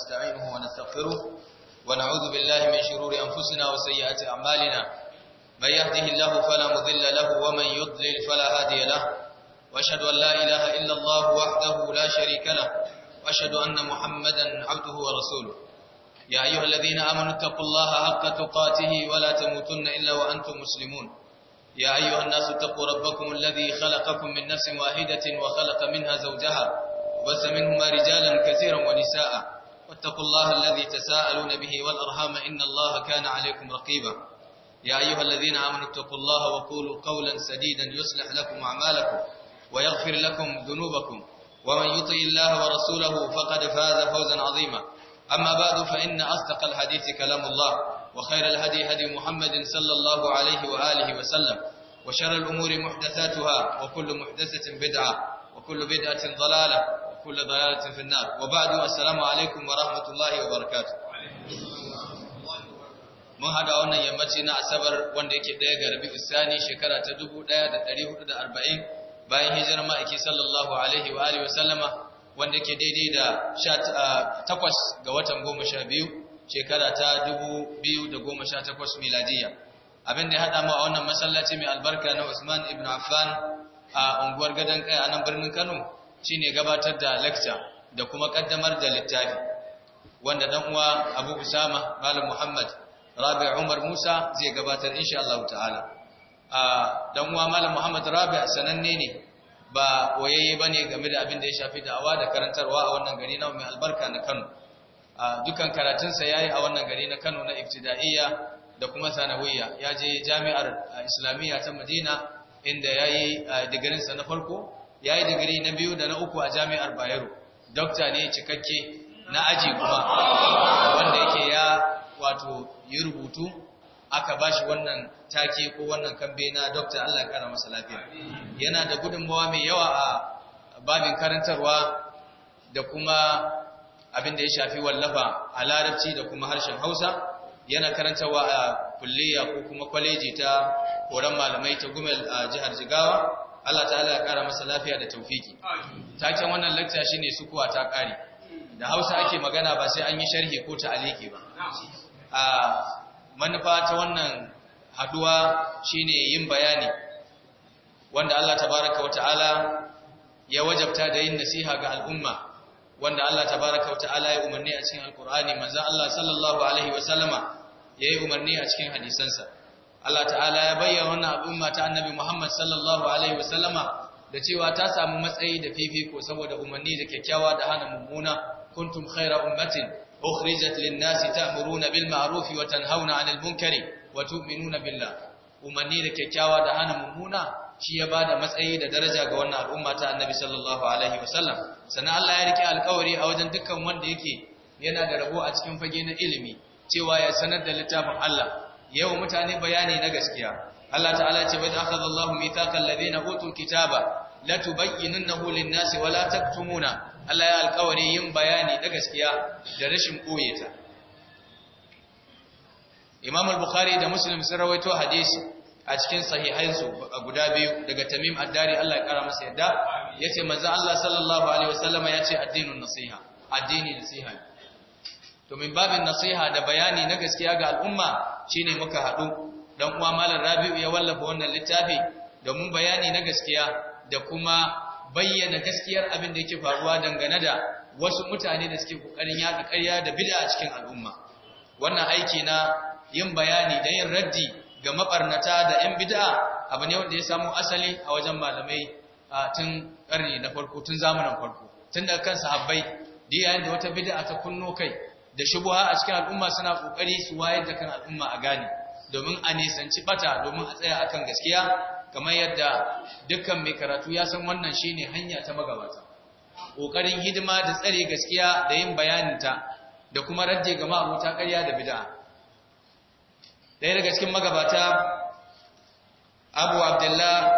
ونستعينه ونستغفره ونعوذ بالله من شرور أنفسنا وسيئات أعمالنا من يهده الله فلا مذل له ومن يضلل فلا هادي له وأشهد أن لا إله إلا الله وحده لا شريك له وأشهد أن محمدا عبده ورسوله يا أيها الذين آمنوا اتقوا الله حق تقاته ولا تموتن إلا وأنتم مسلمون يا أيها الناس اتقوا ربكم الذي خلقكم من نفس واحدة وخلق منها زوجها وبث منهما رجالا كثيرا ونساء واتقوا الله الذي تساءلون به والأرحام إن الله كان عليكم رقيبا يا أيها الذين آمنوا اتقوا الله وقولوا قولا سديدا يصلح لكم أعمالكم ويغفر لكم ذنوبكم ومن يطئ الله ورسوله فقد فاز فوزا عظيما أما بعد فإن أصدق الحديث كلام الله وخير الهدي هدي محمد صلى الله عليه وآله وسلم وشر الأمور محدثاتها وكل محدثة بدعة وكل بدعة ضلالة وكل ضلالة في النار وبعد السلام عليكم ورحمة الله وبركاته mun hada wannan yammaci na asabar wanda yake daya ga rabi'u sani shekara ta 1440 bayan hijirar ma'aiki sallallahu alaihi wa alihi wasallama wanda yake daidai da 8 ga watan 12 shekara ta 2018 miladiya abin da ya hada mu a wannan masallaci mai albarka na Usman ibn Affan a unguwar gadon kai a nan birnin Kano ne gabatar da lecture da kuma kaddamar da littafi wanda dan uwa Abu Usama Malam Muhammad Rabi Umar Musa zai gabatar insha Allah ta'ala a uwa Malam Muhammad Rabi sananne ne ba wayayye ne game da abin da ya shafi da'awa da karantarwa a wannan gari na mai albarka na Kano dukan karatunsa yayi a wannan gari na Kano na ibtida'iyya da kuma sanawiyya ya je jami'ar islamiyya ta Madina inda yayi digirinsa na farko ya yi digiri na biyu da na uku a jami'ar bayero dokta ne cikakke na aji kuma wanda yake ya wato yi rubutu aka ba shi wannan take ko wannan kambe na dokta allah kara masa lafiya yana da gudunmawa mai yawa a babin karantarwa da kuma abin da ya shafi wallafa a larabci da kuma harshen hausa yana karantarwa a kulliya ko kuma kwaleji ta horon malamai ta gumel a jihar jigawa Allah ta'ala ya kara masa lafiya da taufiki taken wannan lecture shine sukuwa ta kare da Hausa ake magana ba sai an yi sharhi ko ta aliki ba a manufa ta wannan haduwa shine yin bayani wanda Allah tabaraka ta'ala ya wajabta da yin nasiha ga al'umma wanda Allah tabaraka ta'ala ya umarni a cikin alkur'ani manzo Allah sallallahu alaihi wa sallama yayi umarni a cikin hadisansa Allah ta'ala ya bayyana wannan al'umma ta annabi Muhammad sallallahu alaihi wasallama da cewa ta samu matsayi da fifiko saboda umarni da kyakkyawa da hana mummuna kuntum Khayra ummatin ukhrijat lin-nasi ta'muruna bil ma'ruf wa tanhauna 'anil munkari wa tu'minuna billah da kyakkyawa da hana mummuna shi ya bada matsayi da daraja ga wannan al'umma ta annabi sallallahu alaihi wasallam sannan Allah ya rike alƙawari a wajen dukkan wanda yake yana da rabo a cikin fage na ilimi cewa ya sanar da littafin Allah yayin mutane bayani na gaskiya Allah ta'ala ce bai akhadha Allahu mithaqal ladina utul kitaba latubayyinannahu lin-nasi wala la taktumuna Allah ya alƙawari yin bayani na gaskiya da rashin koyeta Imam al-Bukhari da Muslim sun rawaito hadisi a cikin sahihansu guda biyu daga Tamim ad-Dari Allah ya kara masa yadda yace manzo Allah sallallahu alaihi wasallama yace addinun nasiha addini nasiha to min babin nasiha da bayani na gaskiya ga al'umma shine muka haɗu dan uwa malam Rabi'u ya wallafa wannan littafi mun bayani na gaskiya da kuma bayyana gaskiyar abin da yake faruwa dangane da wasu mutane da suke kokarin yaɗa ƙarya da bid'a a cikin al'umma wannan aiki na yin bayani da yin raddi ga mabarnata da 'yan bid'a abu ne wanda ya samu asali a wajen malamai tun ƙarni na farko tun zamanin farko tun daga kan sahabbai da yayin da wata bid'a ta kunno kai da shubuha a cikin al'umma suna kokari su wayar da kan al'umma a gane domin a nisanci bata domin a tsaya akan gaskiya kamar yadda dukkan mai karatu ya san wannan shine hanya ta magabata kokarin hidima da tsare gaskiya da yin bayaninta da kuma radde ga ta ƙarya da bid'a ɗaya daga cikin magabata abu abdullah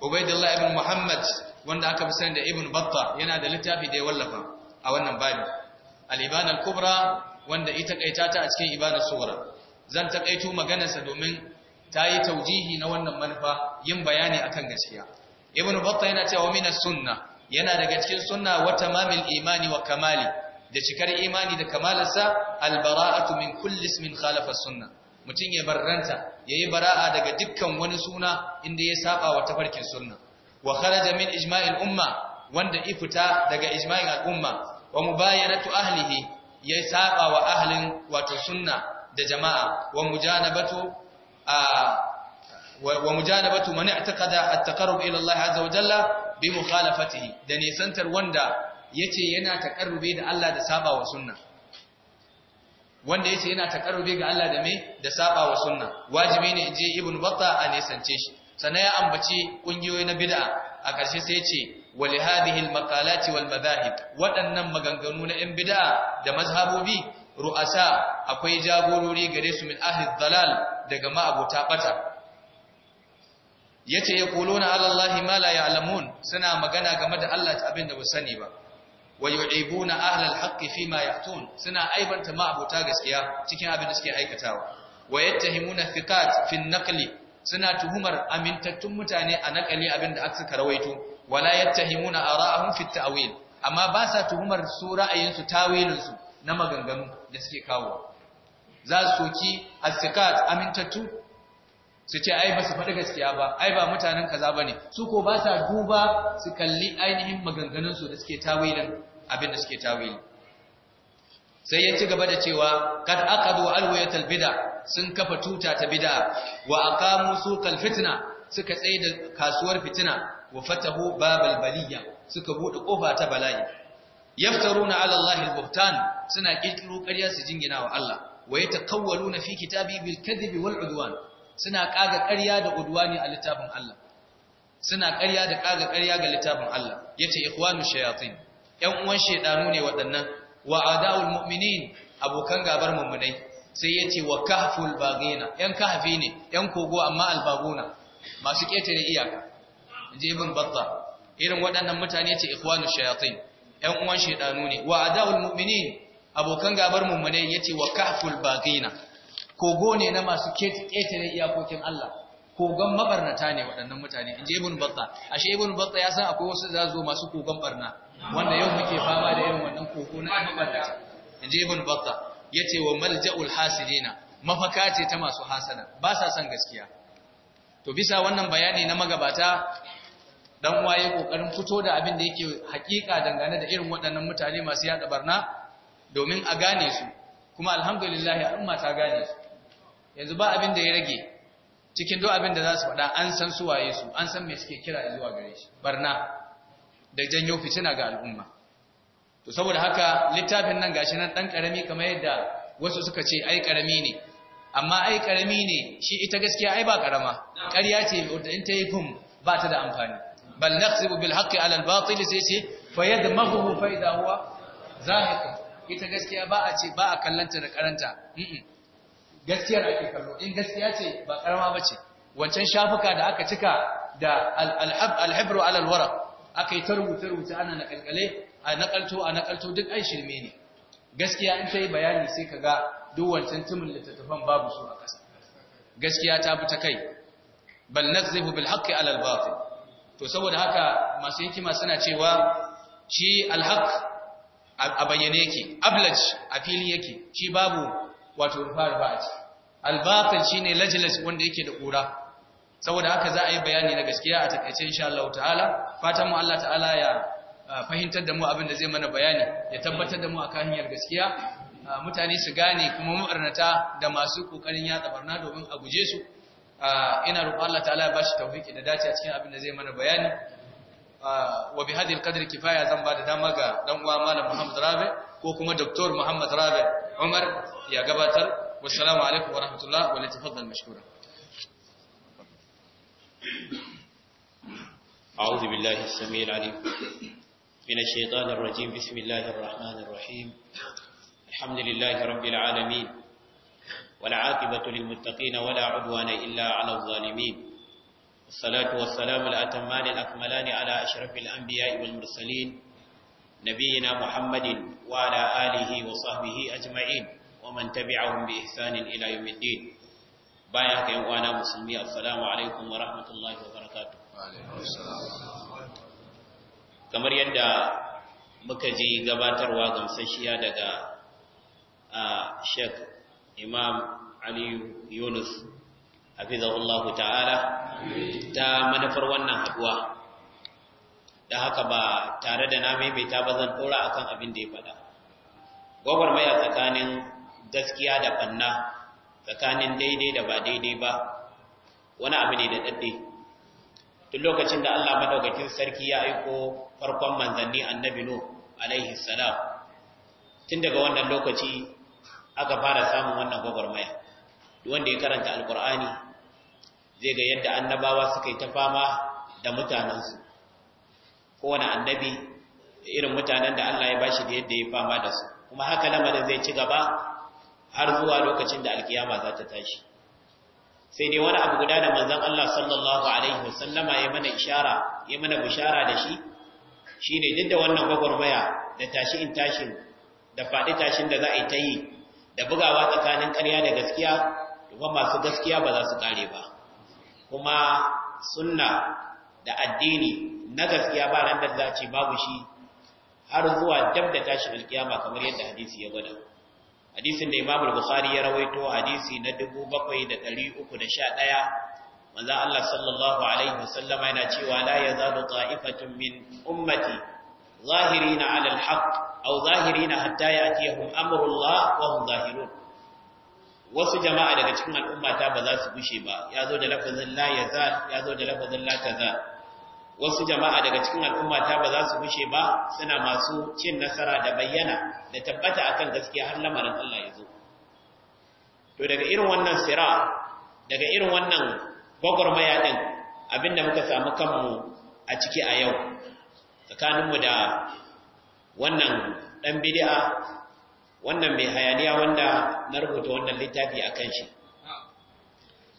ubaidullah ibn muhammad wanda aka fi sani da ibn batta yana da littafi da ya wallafa a wannan babi al-ibana kubra wanda ita kaita ta a cikin ibana sughra zan takaito maganarsa domin tayi taujihi na wannan manufa yin bayani akan gaskiya ibnu battah yana cewa mina sunna yana daga cikin sunna wata mamil imani wa kamali da cikar imani da kamalarsa al-bara'atu min kullis min khalafa sunna mutum ya ya yayi bara'a daga dukkan wani suna inda ya saba wa tafarkin sunna wa kharaja min ijma'il umma wanda ifita daga ijma'in al'umma wa mubayaratu ahlihi yayi saba wa ahlin wato sunna da jama'a wa mujanabatu wa mujanabatu man i'taqada at-taqarrub ila Allah azza wa jalla bi mukhalafatihi da nisantar wanda yace yana taqarrube da Allah da saba wa sunna wanda yace yana taqarrube ga Allah da me da saba wa sunna wajibi ne inji ibn batta a nisance shi sannan ambaci kungiyoyi na bid'a a ƙarshe sai ce. wa li hadhihi al maqalati wal madahib waɗannan maganganu na yan bida'a da mazhabobi ru'asa akwai jagorori gare su min ahli dhalal daga ma'abuta bata yace yaquluna ala allahi ma la ya'lamun suna magana game da Allah abin da ba sani ba wa yu'ibuna ahli al haqq fi ma suna aibanta ma'abuta gaskiya cikin abin suke aikatawa wa yattahimuna thiqat fi suna tuhumar amintattun mutane a nakali abinda aka saka rawaito wala yattahimuna ara'ahum fi ta'wil amma ba sa tuhumar su ra'ayinsu tawilinsu na maganganu da suke kawo za su soki asikat amintatu su ce ai ba su faɗi gaskiya ba ai ba mutanen kaza bane su ko ba sa duba su kalli ainihin maganganun su da suke tawilin abin da suke tawili sai ya ci gaba da cewa kad aqadu alwayatal bid'a sun kafa tuta ta bid'a wa aqamu suqal fitna suka tsaye da kasuwar fitina wa fatahu babal baliya suka buɗe ƙofa ta bala'i yaftaruna ala allahi suna ƙirƙiro ƙarya su jingina wa Allah wa yatakawwaluna fi kitabi bil kadhibi wal udwan suna kaga ƙarya da udwani a littafin Allah ga littafin Allah yace ikhwanu shayatin 'yan uwan shedanu ne waɗannan wa adaul mu'minin abokan gabar mummunai sai yace wa kahful baghina ƴan kahfi ne 'yan kogo amma albaguna masu ketare iyaka je ibn batta irin waɗannan mutane ce ikhwanu shayatin ɗan uwan shaidanu ne wa adawul mu'minin abokan gabar mummune yace wa kahful baqina kogo ne na masu ketare iyakokin Allah kogon mabarnata ne waɗannan mutane je ibn batta ashe ibn batta ya san akwai wasu zazo masu kogon barna wanda yau muke fama da irin wannan kogo na mabarnata je ibn batta yace wa malja'ul hasidina mafaka ce ta masu hasada ba sa son gaskiya to bisa wannan bayani na magabata dan uwa kokarin fito da abin da yake hakika dangane da irin waɗannan mutane masu yada barna domin a gane su kuma alhamdulillah al'umma ta gane su yanzu ba abin da ya rage cikin duk abin da za su faɗa an san su waye su an san me suke kira zuwa gare shi barna da janyo fitina ga al'umma to saboda haka littafin nan gashi nan dan karami kamar yadda wasu suka ce ai karami ne amma ai karami ne shi ita gaskiya ai ba karama ƙarya ce wanda in ta yi fum ba ta da amfani bal naqsibu bil haqqi ala al batil sai ce fa yadmaghu fa idha huwa zahiq ita gaskiya ba a ce ba a kallanta da karanta Gaskiya ake kallo in gaskiya ce ba karama bace wancan shafuka da aka cika da al-hibru ala al-waraq aka yi ta rubuta ana nakalkale a nakalto a nakalto duk ai shirme ne gaskiya in ta yi bayani sai ka ga duk wancan timin littattafan babu su a ƙasa gaskiya ta bi ta kai bal nazzibu bil haqqi ala to saboda haka masu hikima suna cewa shi al a bayyane yake ablaj a fili yake shi babu wato rufa rufa a ciki al batil shine wanda yake da ƙura saboda haka za a yi bayani na gaskiya a takaice insha Allah ta'ala fatan mu Allah ta'ala ya fahimtar da mu abin da zai mana bayani ya tabbatar da mu a kahiyar gaskiya mutane su gane kuma mu'arnata da masu kokarin ya barna domin a guje su ina roƙon Allah ta'ala ya bashi tawfiki da dace a cikin abin da zai mana bayani wa bi hadil qadri kifaya zan ba da dama ga dan uwa malam Muhammad Rabi ko kuma Dr. Muhammad Rabi Umar ya gabatar wassalamu alaikum wa rahmatullah wa latafaddal mashkura أعوذ بالله السميع العليم من الشيطان الرجيم بسم الله الرحمن الرحيم الحمد لله رب العالمين والعاقبة للمتقين ولا عدوان إلا على الظالمين والصلاة والسلام الأتمان الأكملان على أشرف الأنبياء والمرسلين نبينا محمد وعلى آله وصحبه أجمعين ومن تبعهم بإحسان إلى يوم الدين بايعك يا مسلمي السلام عليكم ورحمة الله وبركاته وعليكم السلام kamar yadda muka ji gabatarwa gamsasshiya daga Sheikh Imam Ali Yunus hafizahullahu ta'ala ta manufar wannan haduwa da haka ba tare da na maimaita ba zan a akan abin da ya faɗa gwagwarmaya tsakanin gaskiya da banna tsakanin daidai da ba daidai ba wani abu ne da daɗe duk lokacin da Allah madaukakin sarki ya aiko farkon manzanni annabi nuh alaihi salam tun daga wannan lokaci aka fara samun wannan gwagwarmaya wanda ya karanta alkur'ani zai ga yadda annabawa suka yi ta fama da mutanensu kowane annabi irin mutanen da Allah ya bashi da yadda ya fama da su kuma haka lamarin zai ci gaba har zuwa lokacin da alkiyama za ta tashi sai dai wani abu guda da manzon Allah sallallahu alaihi wasallama ya mana ishara ya mana bishara da shi shine duk da wannan gwagwarmaya da tashi in tashin da faɗi tashin da za a yi ta yi da bugawa tsakanin ƙarya da gaskiya kuma masu gaskiya ba za su kare ba kuma sunna da addini na gaskiya ba ran da za ce babu shi har zuwa dab da tashin alkiyama kamar yadda hadisi ya gwada hadisin da imamul Bukhari ya rawaito hadisi na 7311 manzo Allah sallallahu alaihi wasallam yana cewa la yazalu ta'ifatun min ummati zahirina 'ala al-haqq aw zahirina hatta ya'tiyahum amrullah wa hum zahirun wasu jama'a daga cikin al'ummata ba za su gushe ba yazo da lafazin la yazal yazo da lafazin la tazal wasu jama'a daga cikin al'ummata ba za su bushe ba suna masu cin nasara da bayyana da tabbata akan gaskiya har lamarin Allah ya zo to daga irin wannan sira daga irin wannan gwagwarmaya din abinda muka samu kanmu a ciki a yau tsakaninmu da wannan ɗan bid'a wannan mai hayaniya wanda na rubuta wannan littafi a kan shi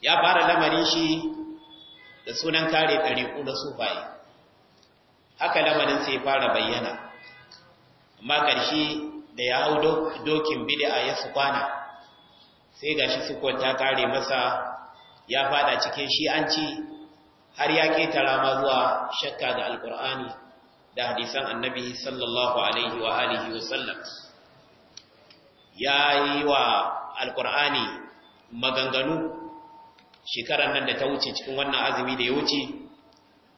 ya fara lamarin shi da sunan kare ɗariƙu da sufaye haka lamarin sai fara bayyana amma ƙarshe da ya hau dokin bid'a ya su kwana sai gashi sukon ta kare masa ya fada cikin ci har ya ketara ma zuwa shakka ga alkur'ani da hadisan annabi sallallahu alaihi wa alihi wa sallam ya yi wa alkur'ani maganganu shekarar nan da ta wuce cikin wannan azumi da ya wuce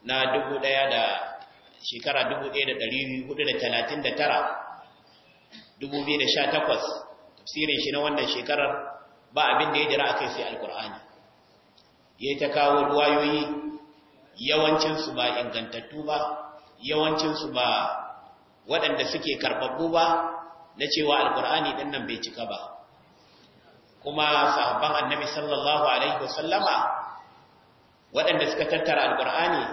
na dubu ɗaya da shekara takwas. tafsirin shi na wannan shekarar ba abin da ya jira kai sai alkur'ani Ya ta kawo ruwayoyi yawancinsu ba ingantattu ba yawancinsu ba waɗanda suke karɓaɓɓu ba na cewa alkur'ani ɗin nan bai cika ba kuma sahabban annabi sallallahu alaihi wasallama waɗanda suka tattara alƙur'ani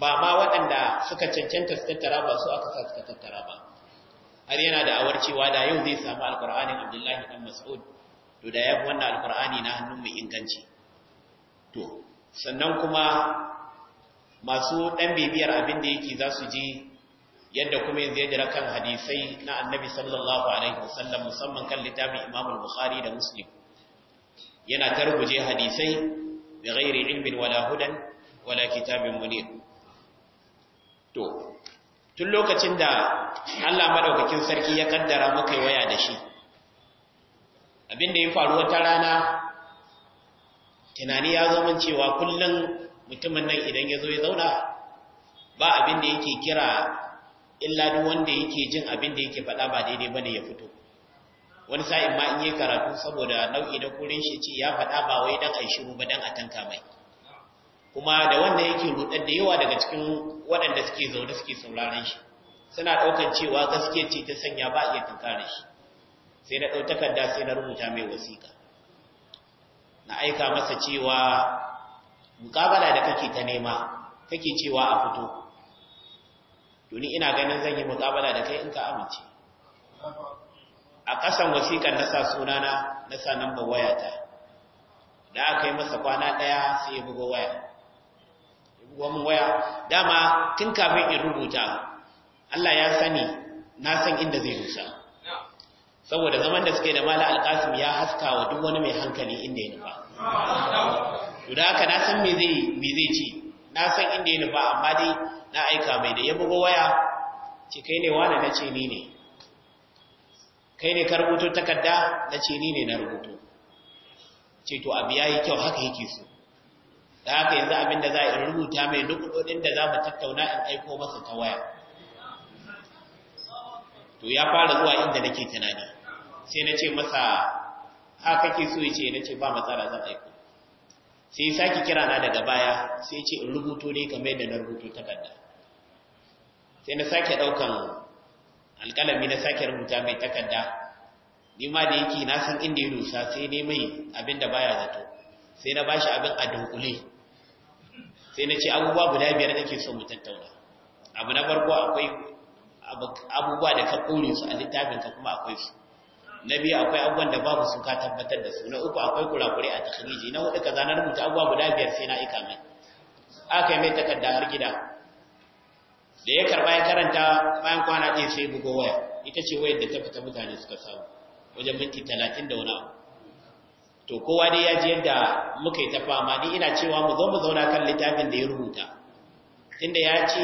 ba ma waɗanda suka cancanta su tattara ba su aka sa suka tattara ba har yana da awar cewa da yau zai samu alƙur'anin abdullahi dan mas'ud to da yafi wannan alƙur'ani na hannun mai inganci to sannan kuma masu ɗan bibiyar abin da yake za su ji yadda kuma yanzu ya jira kan hadisai na annabi sallallahu alaihi wasallam musamman kan littafin imamul bukhari da muslim yana targuje hadisai da gairi ilmin wala hudan wala kitabin munir to tun lokacin da Allah madaukakin sarki ya kaddara muka waya da shi abinda ya faru wata rana tunani ya zama cewa kullum mutumin nan idan ya zo ya zauna ba abinda da yake kira illa duk wanda yake jin abin da yake faɗa ba daidai bane ya fito wani sa'in ma in yi karatu saboda nau'i na kurin shi ce ya faɗa ba wai dan aishi shiru ba dan a tanka mai kuma da wanda yake rudar da yawa daga cikin waɗanda suke zaune suke sauraron shi suna ɗaukar cewa gaskiya ce ta sanya ba a iya tunkare shi sai na ɗautakar da sai na rubuta mai wasiƙa na aika masa cewa mukabala da kake ta nema kake cewa a fito Doni ina ganin zan yi mukabala da kai in ka amince a ƙasan wasiƙar na sa sunana na sa namba wayata da aka yi masa kwana ɗaya sai ya buga waya mun waya dama tun kafin in rubuta Allah ya sani na san inda zai rusa saboda zaman da suke da mala alkasim ya haska wa duk wani mai hankali inda ya nufa da haka na san me zai ci na san inda ya nufa amma dai na aika mai da ya bugo waya ce kai ne wani na ce ni ne kai ne ka rubuto takarda na ce ni ne na rubuto ce to abu ya yi kyau haka yake so da haka yanzu abin da za a rubuta mai nukudodin da za mu tattauna in aiko masa ta waya to ya fara zuwa inda nake tunani sai na ce masa haka ke so ya ce na ce ba matsala zan aiko sai sake kira na daga baya sai ce in rubuto ne kamar yadda na rubuto takarda sai na sake ɗaukan. alƙalami na sake rubuta mai takarda ni ma da yake na san inda ya rusa sai ne mai abin da baya zato sai na bashi abin a dunkule sai na ce abubuwa guda biyar da ke so mu tattauna abu na farko akwai abubuwa da ka kore su a littafin ka kuma akwai su na biyu akwai abubuwan da babu su ka tabbatar da su na uku akwai kurakurai a takhriji na hudu ka zanar rubuta abubuwa guda biyar sai na aika mai aka yi mai takarda har gida da ya karba ya karanta bayan kwana ɗaya sai bugo waya ita ce wayar da ta fita mutane suka samu wajen minti talatin da wani abu to kowa dai ya ji yadda muka yi ta fama ni ina cewa mu zo mu zauna kan littafin da ya rubuta tunda ya ce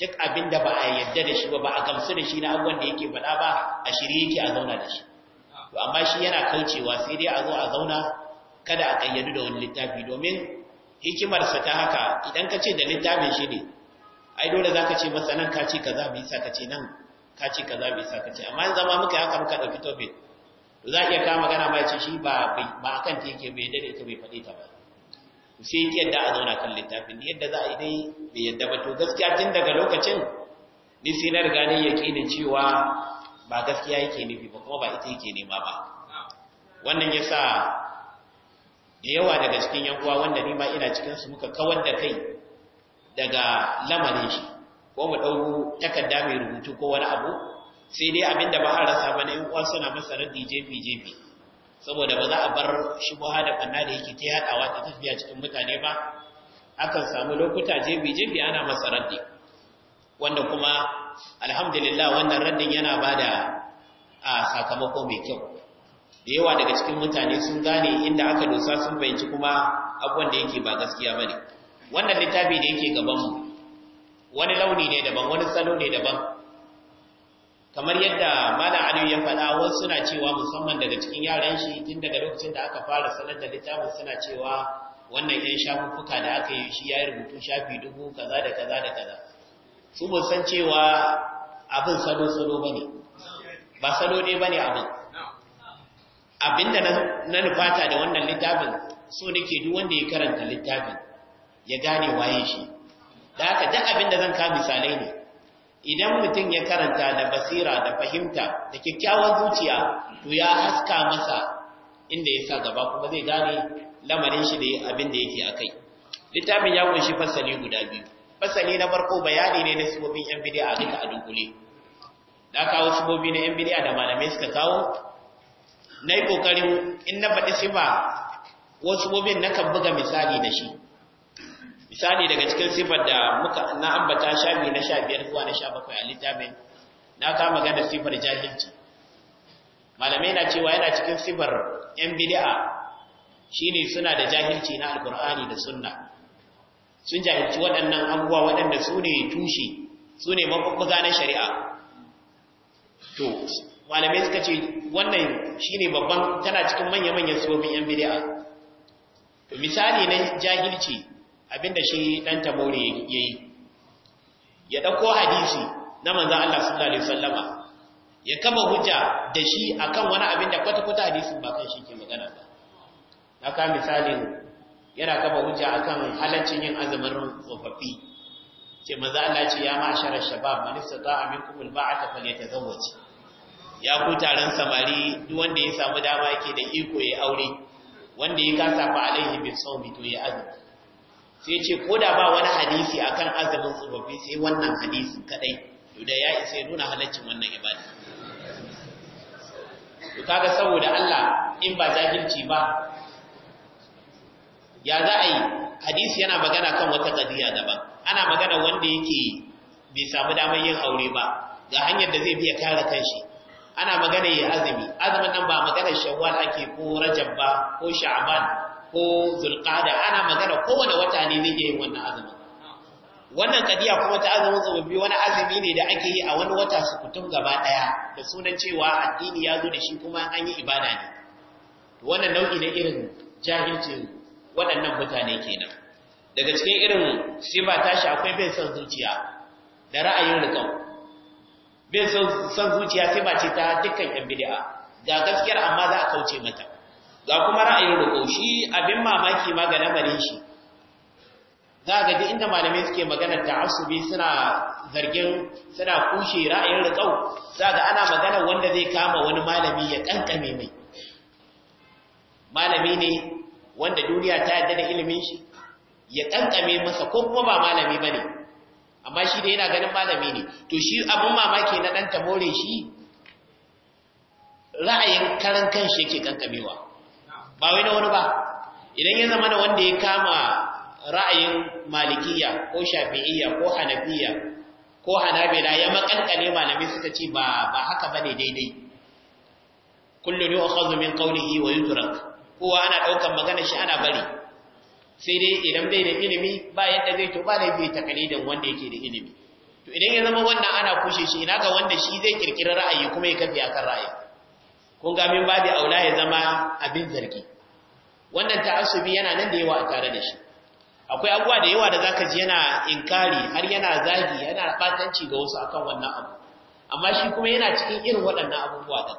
duk abin da ba a yarda da shi ba ba a gamsu da shi na abubuwan da yake faɗa ba a shirye yake a zauna da shi to amma shi yana kaucewa sai dai a zo a zauna kada a ƙayyadu da wani littafi domin hikimarsa ta haka idan ka ce da littafin shi ne ai dole zaka ce masa nan ka ce kaza bai sa ka ce nan ka ce kaza bai ka ce amma in zama muka haka muka dauki tobe to za iya kama magana mai ce shi ba ba akan ta yake bai yadda ita bai faɗi ta ba sai yake yadda a zauna kan littafin yadda za a yi dai bai yadda ba to gaskiya tun daga lokacin ni sai na riga ni yakinin cewa ba gaskiya yake nufi ba kuma ba ita yake nema ba wannan yasa da yawa daga cikin yan uwa wanda ni ma ina cikin su muka kawar da kai daga lamarin shi ko mu dauko takarda mai rubutu ko wani abu sai dai abin da ba a rasa ba na ‘yan uwa suna masa radi jefi saboda ba za a bar shi buha da kanna da yake ta hadawa ta tafiya cikin mutane ba akan samu lokuta jefi-jefi ana masa radi wanda kuma alhamdulillah wannan raddin yana bada a sakamako mai kyau da yawa daga cikin mutane sun gane inda aka dosa sun fahimci kuma abubuwan da yake ba gaskiya bane wannan littafi da yake gabanmu wani launi ne daban wani salo ne daban kamar yadda malam aliyu ya faɗa wasu suna cewa musamman daga cikin yaran shi tun daga lokacin da aka fara sanar da littafin suna cewa wannan yan shafuffuka da aka yi shi ya yi rubutu shafi dubu kaza da kaza da kaza su ba san cewa abin salo salo ba ne ba salo ne ba ne abin abinda na nufata da wannan littafin so nake duk wanda ya karanta littafin ya gane waye shi da haka duk abin da zan ka misalai ne idan mutum ya karanta da basira da fahimta da kyakkyawar zuciya to ya haska masa inda ya sa gaba kuma zai gane lamarin shi da abin da yake akai littafin ya kunshi fasali guda biyu fasali na farko bayani ne na sibobin yan bid'a duka a dunkule da kawo sibobi na yan bid'a da malamai suka kawo na yi kokarin in na faɗi ba, wasu sibobin na kan buga misali da shi misali daga cikin sifar da muka na ambata shafi na sha biyar zuwa na sha bakwai a littafin na kama gada sifar jahilci malamai na cewa yana cikin sifar yan bid'a shine suna da jahilci na alkur'ani da sunna sun jahilci waɗannan abubuwa waɗanda su ne tushe su ne mabubbuga na shari'a to malamai suka ce wannan shine babban tana cikin manya-manyan sobin yan bid'a misali na jahilci abinda shi dan tabore yayi ya dauko hadisi na manzo Allah sallallahu alaihi wasallama ya kama hujja da shi akan wani abinda kwata-kwata hadisin ba kan shi ke magana ba na ka misalin yana kama hujja akan halaccin yin azumin tsofaffi ce manzo Allah ce ya ma'ashara shabab man istata'a minkum alba'ata falyatazawwaj ya ku taron samari duk wanda ya samu dama yake da iko ya aure wanda ya kasa fa alaihi bisawmi to ya azumi sai ce ko da ba wani hadisi akan azumin tsofaffi sai wannan hadisi kadai to da ya isa nuna halaccin wannan ibada to kaga saboda Allah in ba jahilci ba ya za a yi hadisi yana magana kan wata kadiya daban ana magana wanda yake bai samu damar yin aure ba ga hanyar da zai biya kare kanshi ana magana ya azumi azumin nan ba maganar shawwal ake ko rajab ba ko sha'ban ko zulqada ana magana kowane wata ne zai yin wannan azumin wannan kadiya kuma ta azumin tsubbi wani azumi ne da ake yi a wani wata su kutum gaba daya da sunan cewa addini ya zo da shi kuma an yi ibada ne wannan nau'i na irin jahilcin waɗannan mutane kenan daga cikin irin sifa tashi akwai bai son zuciya da ra'ayin rikau bai son zuciya sifa ce ta dukkan yan bid'a ga gaskiyar amma za a kauce mata ga kuma ra'ayin ruku shi abin mamaki ma ga shi za ga ji inda malamai suke magana asubi suna zargin suna kushe ra'ayin rukau za ga ana magana wanda zai kama wani malami ya kankame mai malami ne wanda duniya ta yadda da ilimin shi ya kankame masa ko kuma ba malami ba ne. amma shi da yana ganin malami ne to shi abin mamaki na dan tamore shi ra'ayin karan kanshi yake kankamewa ba wai wani ba idan ya zama wanda ya kama ra'ayin malikiya ko shafi'iyya ko hanafiya ko hanabila ya makankane malami suka ce ba ba haka bane daidai kullu yu'khadhu min qawlihi wa yutrak kowa ana daukan magana shi ana bari sai dai idan bai da ilimi ba yadda zai to ba da bai takalidin wanda yake da ilimi to idan ya zama wannan ana kushe shi ina ga wanda shi zai kirkira ra'ayi kuma ya kafi akan ra'ayi kun ga min aula ya zama abin zargi wannan ta'assubi yana nan da yawa a tare da shi akwai abuwa da yawa da zaka ji yana inkari har yana zagi yana batanci ga wasu akan wannan abu amma shi kuma yana cikin irin waɗannan abubuwa da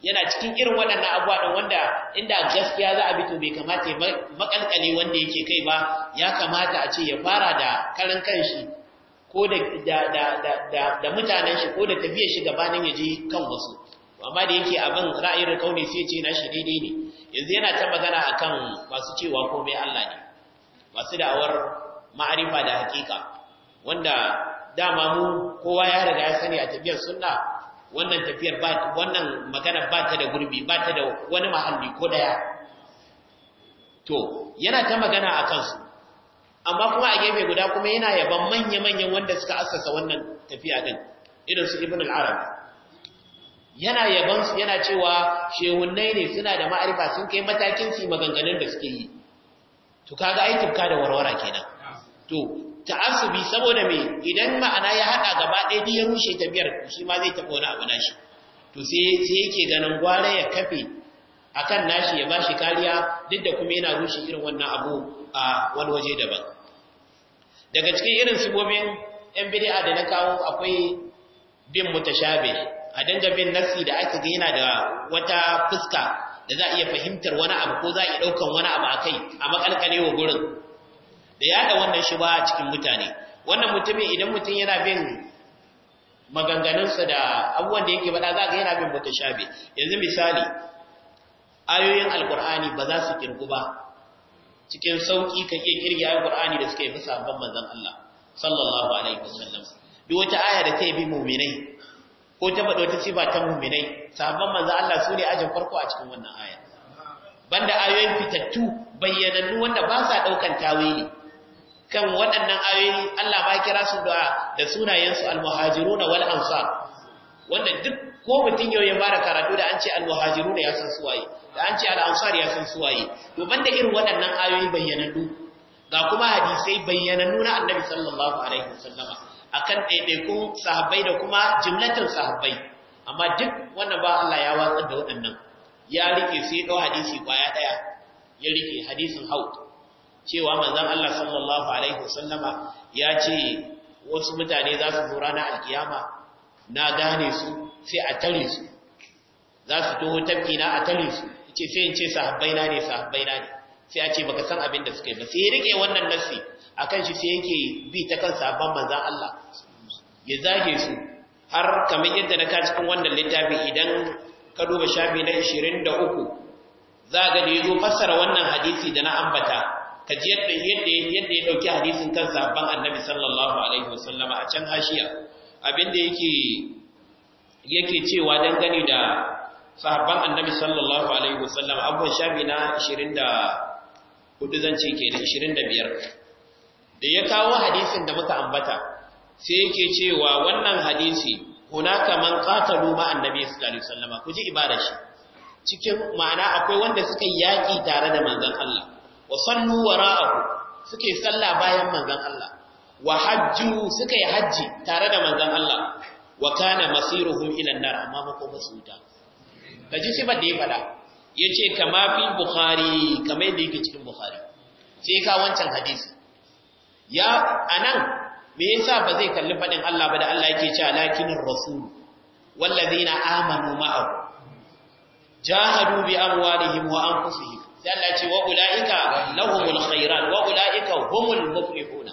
yana cikin irin waɗannan abuwa da wanda inda gaskiya za a bi to bai kamata ya makalkale wanda yake kai ba ya kamata a ce ya fara da karan kanshi ko da da da mutanen shi ko da tafiyar shi gabanin ya je kan wasu amma da yake abin ra'ayin kauni sai ce na shi daidai ne yanzu yana ta magana akan masu cewa komai Allah ne masu da'awar ma'arifa da hakika wanda dama mu kowa ya riga ya sani a tafiyar sunna wannan tafiyar ba wannan magana ba ta da gurbi ba ta da wani mahalli ko daya to yana ta magana a kansu. amma kuma a gefe guda kuma yana yaban manya-manyan wanda suka assasa wannan tafiya din irin su ibn al-arabi yana yaban su yana cewa shehunnai ne suna da ma'arifa sun kai matakin su maganganun da suke yi to kaga aikin ka da warwara kenan to ta'assubi saboda me idan ma'ana ya hada gaba ɗaya ya rushe tafiyar shi ma zai tafi wani abu nashi to sai sai yake ganin gwara ya kafe akan nashi ya bashi kariya duk da kuma yana rushe irin wannan abu a wani waje daban daga cikin irin sibobin yan bid'a da na kawo akwai bin mutashabih a dandabin bin da aka ga yana da wata fuska da za a iya fahimtar wani abu ko za a iya ɗaukan wani abu a kai a makalkale wa gurin da ya da wannan shi ba a cikin mutane wannan mutumin idan mutum yana bin maganganunsa da abubuwan da yake bada za ga yana bin shabe yanzu misali ayoyin alkur'ani ba za su kirgu ba cikin sauki ka iya kirgi ayoyin alkur'ani da suka yi fi sabon manzon Allah sallallahu alaihi wasallam duk wata aya da ta yi bi mu'minai ko ta faɗo ta sifa ta muminai sabon manzon Allah su ne ajin farko a cikin wannan aya banda ayoyin fitattu bayyanannu wanda ba sa ɗaukan tawili kan waɗannan ayoyi Allah ma kira su da da sunayensu almuhajiruna wal ansar wanda duk ko mutum yau ya fara karatu da an ce almuhajiruna ya san suwaye da an ce al-ansar ya san suwaye to banda irin waɗannan ayoyi bayyanannu ga kuma hadisai bayyanannu na Annabi sallallahu alaihi wasallama akan ɗaiɗaikun sahabbai da kuma jimlatin sahabbai amma duk wannan ba Allah ya watsar da waɗannan ya rike sai ɗau hadisi kwaya ɗaya ya rike hadisin hau cewa manzan Allah sallallahu alaihi wasallama ya ce wasu mutane za su zo ranar alkiyama na gane su sai a tare su za su taho tafki na a tare su ce sai in ce sahabbai na ne sahabbai na ne sai a ce baka san abin da suka yi ba sai ya rike wannan nassi akan shi sai yake bi ta kan sabon manzan Allah ya zage su har kamar yadda na ka cikin wannan littafi idan ka duba shafi na 23 za ga da yazo fassara wannan hadisi da na ambata ka ji yadda yadda ya dauki hadisin kan sahabban annabi sallallahu alaihi wasallam a can hashiya abinda yake yake cewa dangane da sahabban annabi sallallahu alaihi wasallam abuwan shafi na 24 zance ke da 25 da ya kawo hadisin da muka ambata sai yake cewa wannan hadisi hunaka man qatalu ma annabi sallallahu alaihi wasallam ku ji ibada shi cikin ma'ana akwai wanda suka yaki tare da manzon Allah wa sallu wara'ahu suke salla bayan manzon Allah wa hajju suka yi haji tare da manzon Allah wa kana masiruhum ila an-nar amma makoma su ta kaji shi ba da ya fada yace kama fi bukhari kamar da yake cikin bukhari sai ka wancan hadisi ya anan me yasa ba zai kalli fadin Allah ba da Allah yake cewa lakinir rasul wallazina amanu ma'ahu jahadu bi amwalihim wa anfusihim sai Allah ce wa ulaika lahumul khairat wa ulaika humul muflihuna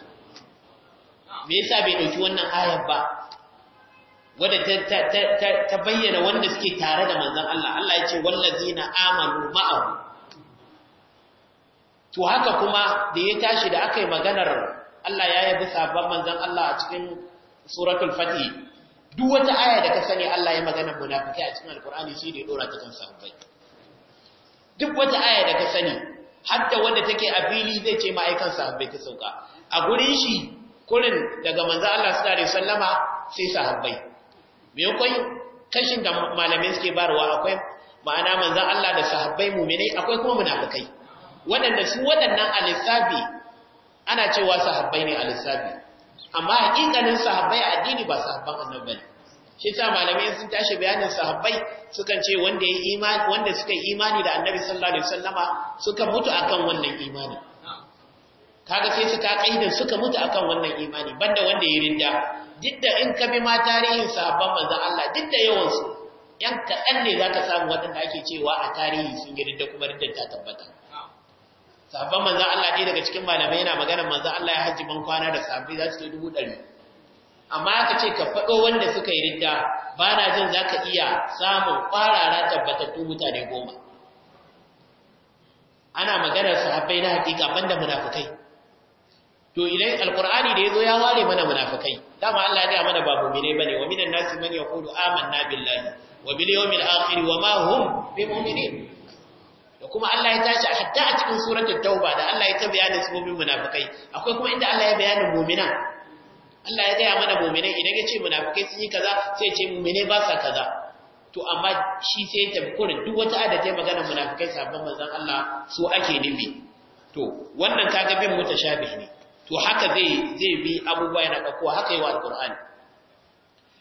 me yasa bai dauki wannan ayar ba wadda ta bayyana wanda suke tare da manzon Allah Allah ya ce wallazina amanu ma'ahu to haka kuma da ya tashi da akai maganar Allah ya yabi sabon manzon Allah a cikin suratul fatih duk wata aya da ka sani Allah ya magana munafiki a cikin alkur'ani shi da ya dora ta kan sahabbai duk wata aya da ka sani hatta wanda take a fili zai ce ma'aikan sahabbai ta sauka a gurin shi kurin daga manzan Allah sallallahu alaihi wasallama sai sahabbai me yakwai kashin da malamin suke barwa akwai ma'ana manzan Allah da sahabbai mu'minai akwai kuma munafikai waɗanda su waɗannan alisabi ana cewa sahabbai ne a lissafi amma hakikanin sahabbai a addini ba sahabban annabi bane shi ta malamai sun tashi bayanin sahabbai sukan ce wanda ya imani wanda suka yi imani da annabi sallallahu alaihi wasallama suka mutu akan wannan imani kaga sai suka kaida suka mutu akan wannan imani banda wanda ya rinda duk da in ka bi ma tarihin sahabban manzon Allah duk da yawan su yan kaɗan ne zaka samu waɗanda ake cewa a tarihi sun yi rinda kuma rinda ta tabbata sahabban manzan Allah ɗaya daga cikin malamai yana magana manzan Allah ya hajji bankwana kwana da sahabbai za su yi dubu ɗari amma aka ce ka faɗo wanda suka yi ridda ba na jin za ka iya samun ƙwarara tabbatattu mutane goma ana maganar sahabbai na hakika banda munafukai to idan Alƙur'ani da ya zo ya ware mana munafukai, dama Allah ya mana babu mine ne, wa minan nasi man yaqulu amanna billahi wa bil yawmil akhir wa ma hum mu'minin da kuma Allah ya tashi a hatta a cikin suratul tauba da Allah ya ta bayanin sabobin munafikai akwai kuma inda Allah ya bayanin mu'mina Allah ya gaya mana mu'minai idan ya ce munafikai sun yi kaza sai ya ce mu'minai ba sa kaza to amma shi sai ya tafi kurin duk wata ada ta magana munafikai sabon manzon Allah so ake nufi to wannan kaga bin mutashabih ne to haka zai zai bi abubuwa yana ɗauko haka yi wa alqur'ani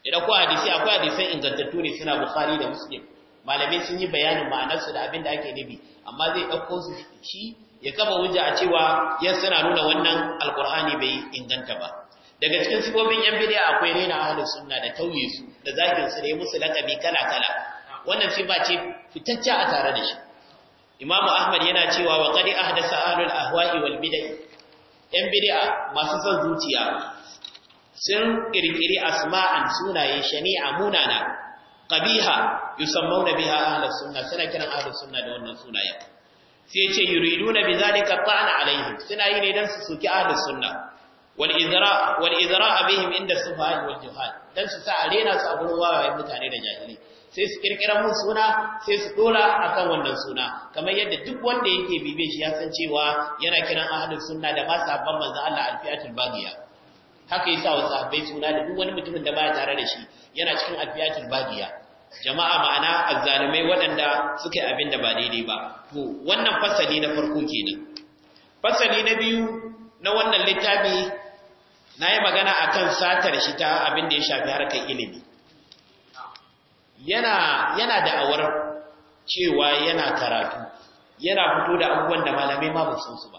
idan ko hadisi akwai hadisan ingantattu ne suna bukhari da muslim malamai sun yi bayanin ma'anarsu da abin da ake nufi amma zai ɗauko su shi ya kama hujja a cewa yan suna nuna wannan alkur'ani bai inganta ba daga cikin sifofin yan bid'a akwai raina ahlus sunna da tauye su da zakin su da musu lakabi kala kala wannan sifa ce fitacce a tare da shi imam ahmad yana cewa wa qad ahdasa ahlul ahwa'i wal bid'ah yan bidiya masu son zuciya sun kirkiri asma'an sunaye shani'a munana qabiha yusammuna biha ahli sunna suna kiran ahli sunna da wannan sunayen sai yace yuriduna bizalika ta'ana alaihim suna yi ne dan su soki ahli sunna wal izra wal izra bihim inda sufah wal Juhad, dan su sa arena su abun wawaye mutane da jahili sai su kirkira mun suna sai su dora akan wannan suna kamar yadda duk wanda yake bibe shi ya san cewa yana kiran ahli sunna da ma sabban manzo Allah alfiatul bagiya haka yasa wasu sahabbai suna da duk wani mutumin da baya tare da shi yana cikin alfiyatul bagiya jama'a ma'ana azzalumai waɗanda suka yi abin da ba daidai ba to wannan fasali na farko ke kenan fasali na biyu na wannan littafi na yi magana akan satar shi ta abin da ya shafi harkar ilimi yana yana da'awar cewa yana karatu yana fito da abubuwan da malamai ma ba su ba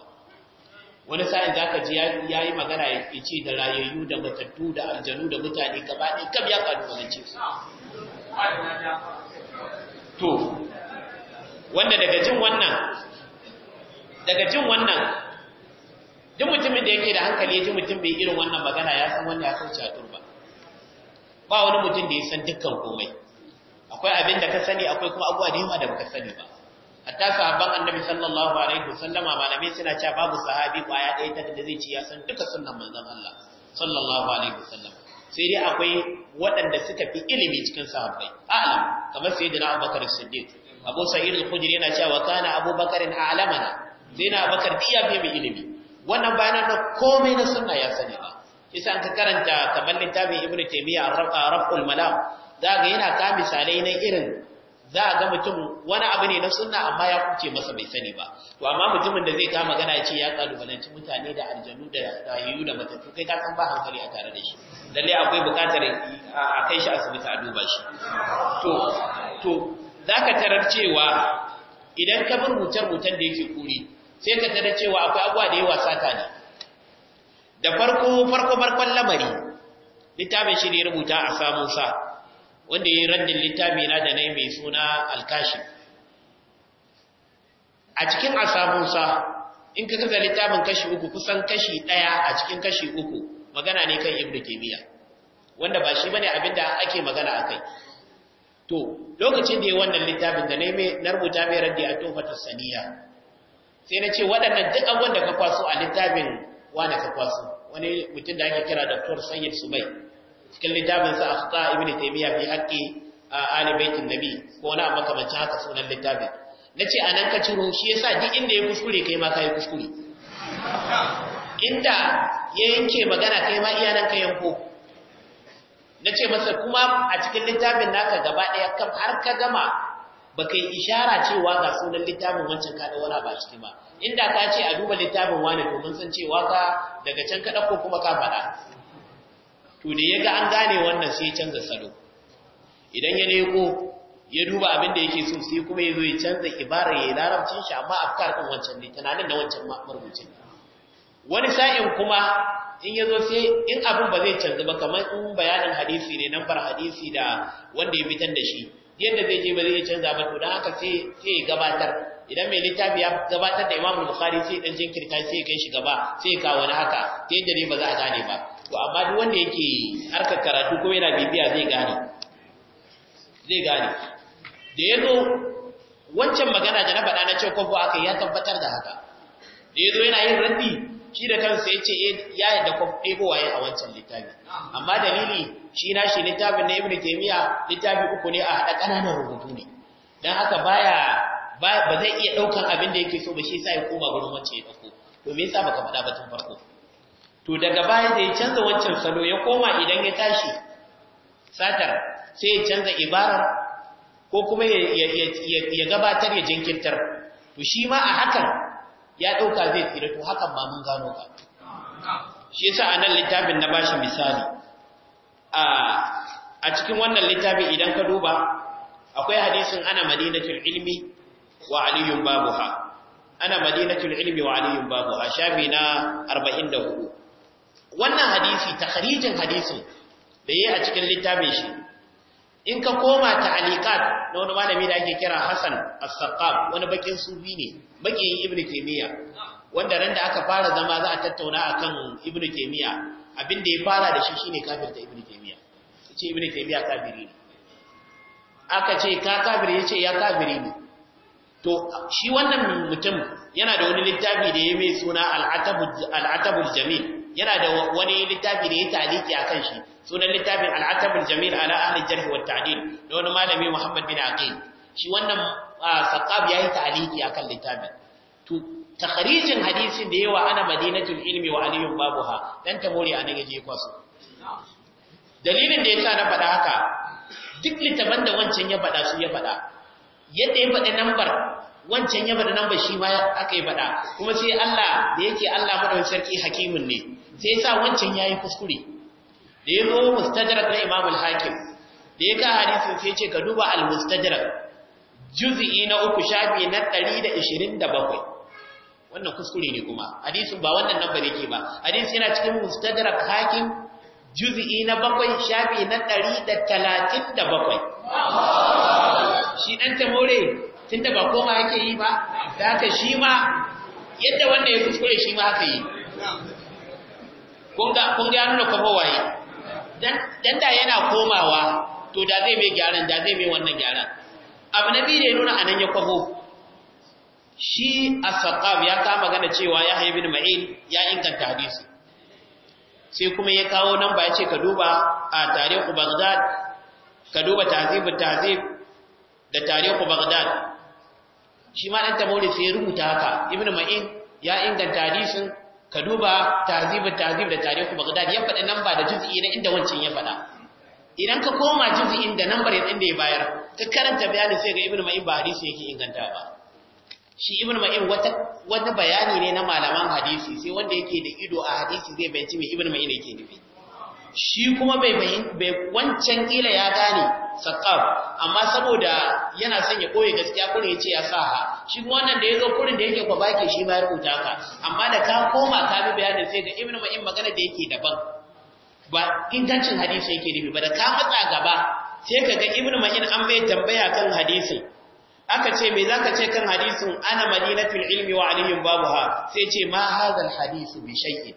wani sa'in za ka ji ya yi magana ya ce da rayayyu da matattu da aljanu da mutane gaba ɗaya kam ya ce su to wanda daga jin wannan daga jin wannan duk mutumin da yake da hankali ya ji mutum bai irin wannan magana ya san wanda ya kauce a turba ba wani mutum da ya san dukkan komai akwai abin da ka sani akwai kuma abuwa da yawa da baka sani ba hatta sahabban annabi sallallahu alaihi wasallama malamai suna cewa babu sahabi ya ɗaya ta da zai ci ya san duka sunnan manzon Allah sallallahu alaihi wasallam sai dai akwai waɗanda suka fi ilimi cikin sahabbai A'a kamar sayyidina Abubakar Siddiq Abu Sa'id al-Khudri yana cewa kana abubakar Bakar a'lamana sai na Abubakar diya fi mai ilimi wannan bayanan da komai na sunna ya sani ba kisa ka karanta kamar littafin ibnu Taymiyyah Raf'ul Malam za yana ka misalai na irin za ga mutum wani abu ne na sunna amma ya kuce masa bai sani ba to amma mutumin da zai ka magana ce ya kalubalanci mutane da aljanu da rayu da matattu kai ka san ba hankali a tare da shi lalle akwai bukatar a kai shi asibiti a duba shi to to zaka tarar cewa idan ka bar mutar rubucen da yake kuri sai ka tarar cewa akwai abuwa da yawa sata ne da farko farko farkon lamari littafin shi ne rubuta a samun sa wanda ya yi littafi na da na mai suna alkashi a cikin a sa in ka kaza littafin kashi uku kusan kashi ɗaya a cikin kashi uku magana ne kan ibnu taymiya wanda ba shi bane abinda ake magana akai to lokacin da ya wannan littafin da nayi na rubuta mai raddi a tofatu saniya sai na ce waɗannan duk abubuwan da ka kwaso a littafin wani ka kwaso wani mutum da ake kira Dr. Sayyid Subai cikin littafin sa akhta ibnu taymiya bi a ali baitin nabi ko wani kamar makamancin haka sunan littafin nace anan ka ciro shi yasa duk inda ya kuskure kai ma kai kuskure inda ya yanke magana kai ma iyanan ka yanko na ce masa kuma a cikin littafin naka gaba ɗaya kam har ka gama ba kai ishara cewa ga sunan littafin wancan kaɗa ba ciki ba inda ka ce a duba littafin wani domin san cewa ka daga can ka kuma ka faɗa to da ya ga an gane wannan sai ya canza salo idan ya leko ya duba abin da yake so sai kuma ya zo ya canza ibara ya larabcin shi amma afkar ɗin wancan ne tunanin da wancan marubucin wani sa'in kuma in yazo sai in abin ba zai canza ba kamar in bayanin hadisi ne nan bar hadisi da wanda ya fitar da shi yadda zai je ba zai canza ba to dan haka sai sai gabatar idan mai littafi ya gabatar da Imam Bukhari sai dan jinkirta sai kai shi gaba sai ya ka wani haka ta yadda ne ba za a gane ba to amma duk wanda yake harkar karatu ko yana bibiya zai gane zai gane da yazo wancan magana da na faɗa na cewa ko aka ya tabbatar da haka da yazo yana yin raddi shi da kansa ya ce eh, ya yadda ɗebo waye a wancan littafi amma dalili shi na shi littafin na ibn taimiyya littafi uku ne a haɗa ƙananan rubutu ne don haka baya ba zai iya ɗaukan abin da yake so ba shi sa ya koma gudun wancan ya ɗauko to me yasa ba faɗa ba tun farko to daga baya da ya canza wancan salo ya koma idan ya tashi satar sai ya canza ibarar ko kuma ya gabatar ya jinkirtar to shi ma a hakan ya ɗauka zai tsira to hakan ma mun gano ka shi yasa nan littafin na bashi misali a cikin wannan littafin idan ka duba akwai hadisin ana madinatul ilmi wa aliyun babuha ana madinatul ilmi wa aliyun babuha shafi na 44 wannan hadisi takharijin hadisin da yayi a cikin littafin shi in ka koma alikat na wani malami da ake kira Hassan as wani bakin sufi ne baki Ibn Taymiyyah wanda ran da aka fara zama za a tattauna akan Ibn Taymiyyah abinda ya fara da shi shine kafirta Ibn Taymiyyah yace Ibn Taymiyyah kafiri ne aka ce ka kafiri yace ya kafiri ne to shi wannan mutum yana da wani littafi da ya mai suna al-atabul jamil yana da wani littafi da ya taliki akan shi sunan littafin al-atabul jamil ala ahli jarh wa ta'dil da wani malami Muhammad bin Aqil shi wannan ya yayi taliki akan littafin to takharijin hadisin da yawa ana madinatul ilmi wa aliyun babuha dan tamori anan yaje kwaso dalilin da yasa na faɗa haka duk littafan da wancan ya faɗa su ya faɗa yadda ya faɗi nambar wancan ya bada nan ba shi ma aka yi bada kuma sai Allah da yake Allah madawin sarki hakimin ne sai sa wancan yayi kuskure da ya zo mustadrak na Imam al-Hakim da ya hadisin sai ce ka duba al-mustadrak juz'i na uku shafi na 127 wannan kuskure ne kuma hadisin ba wannan nan ba yake ba hadisin yana cikin mustadrak Hakim juz'i na bakwai shafi na 137 shi dan tamore tunda ba koma yake yi ba da haka shi ma yadda wanda ya kuskure shi ma haka yi kunga kunga ya nuna kwafo waye dan da yana komawa to da zai mai gyaran da zai mai wannan gyaran abu na biyu ya nuna anan ya kwafo shi as sakaf ya ka magana cewa ya ibn ma'in ya inganta hadisi sai kuma ya kawo nan ba ya ce ka duba a tarihu baghdad ka duba tahzibut tazib da tarihu baghdad shi ma dan tamawli sai rubuta haka ibn ma'in ya inganta hadisin ka duba tahzibut tazib da tarihu bagdad ya faɗa namba da juz'i na inda wancan ya faɗa idan ka koma juz'in da nambar din da ya bayar ka karanta bayanin sai ga ibn ma'in ba hadisi yake inganta ba shi ibn ma'in wata wani bayani ne na malaman hadisi sai wanda yake da ido a hadisi zai bayyana me ibn ma'in yake nufi shi kuma bai wancan kila ya gane saqaf amma saboda yana son ya koyi gaskiya kurin yace ya saha shi wannan da yazo kurin da yake kwabake shi ma ya rubuta ka amma da ka koma ka bi bayanin sai ga ibnu ma'in magana da yake daban ba ingancin hadisi yake nufi ba da ka matsa gaba sai ka ga ibnu ma'in an bai tambaya kan hadisi aka ce me zaka ce kan hadisin ana madinatul ilmi wa alihim babuha sai ce ma hadal hadisi bi shay'in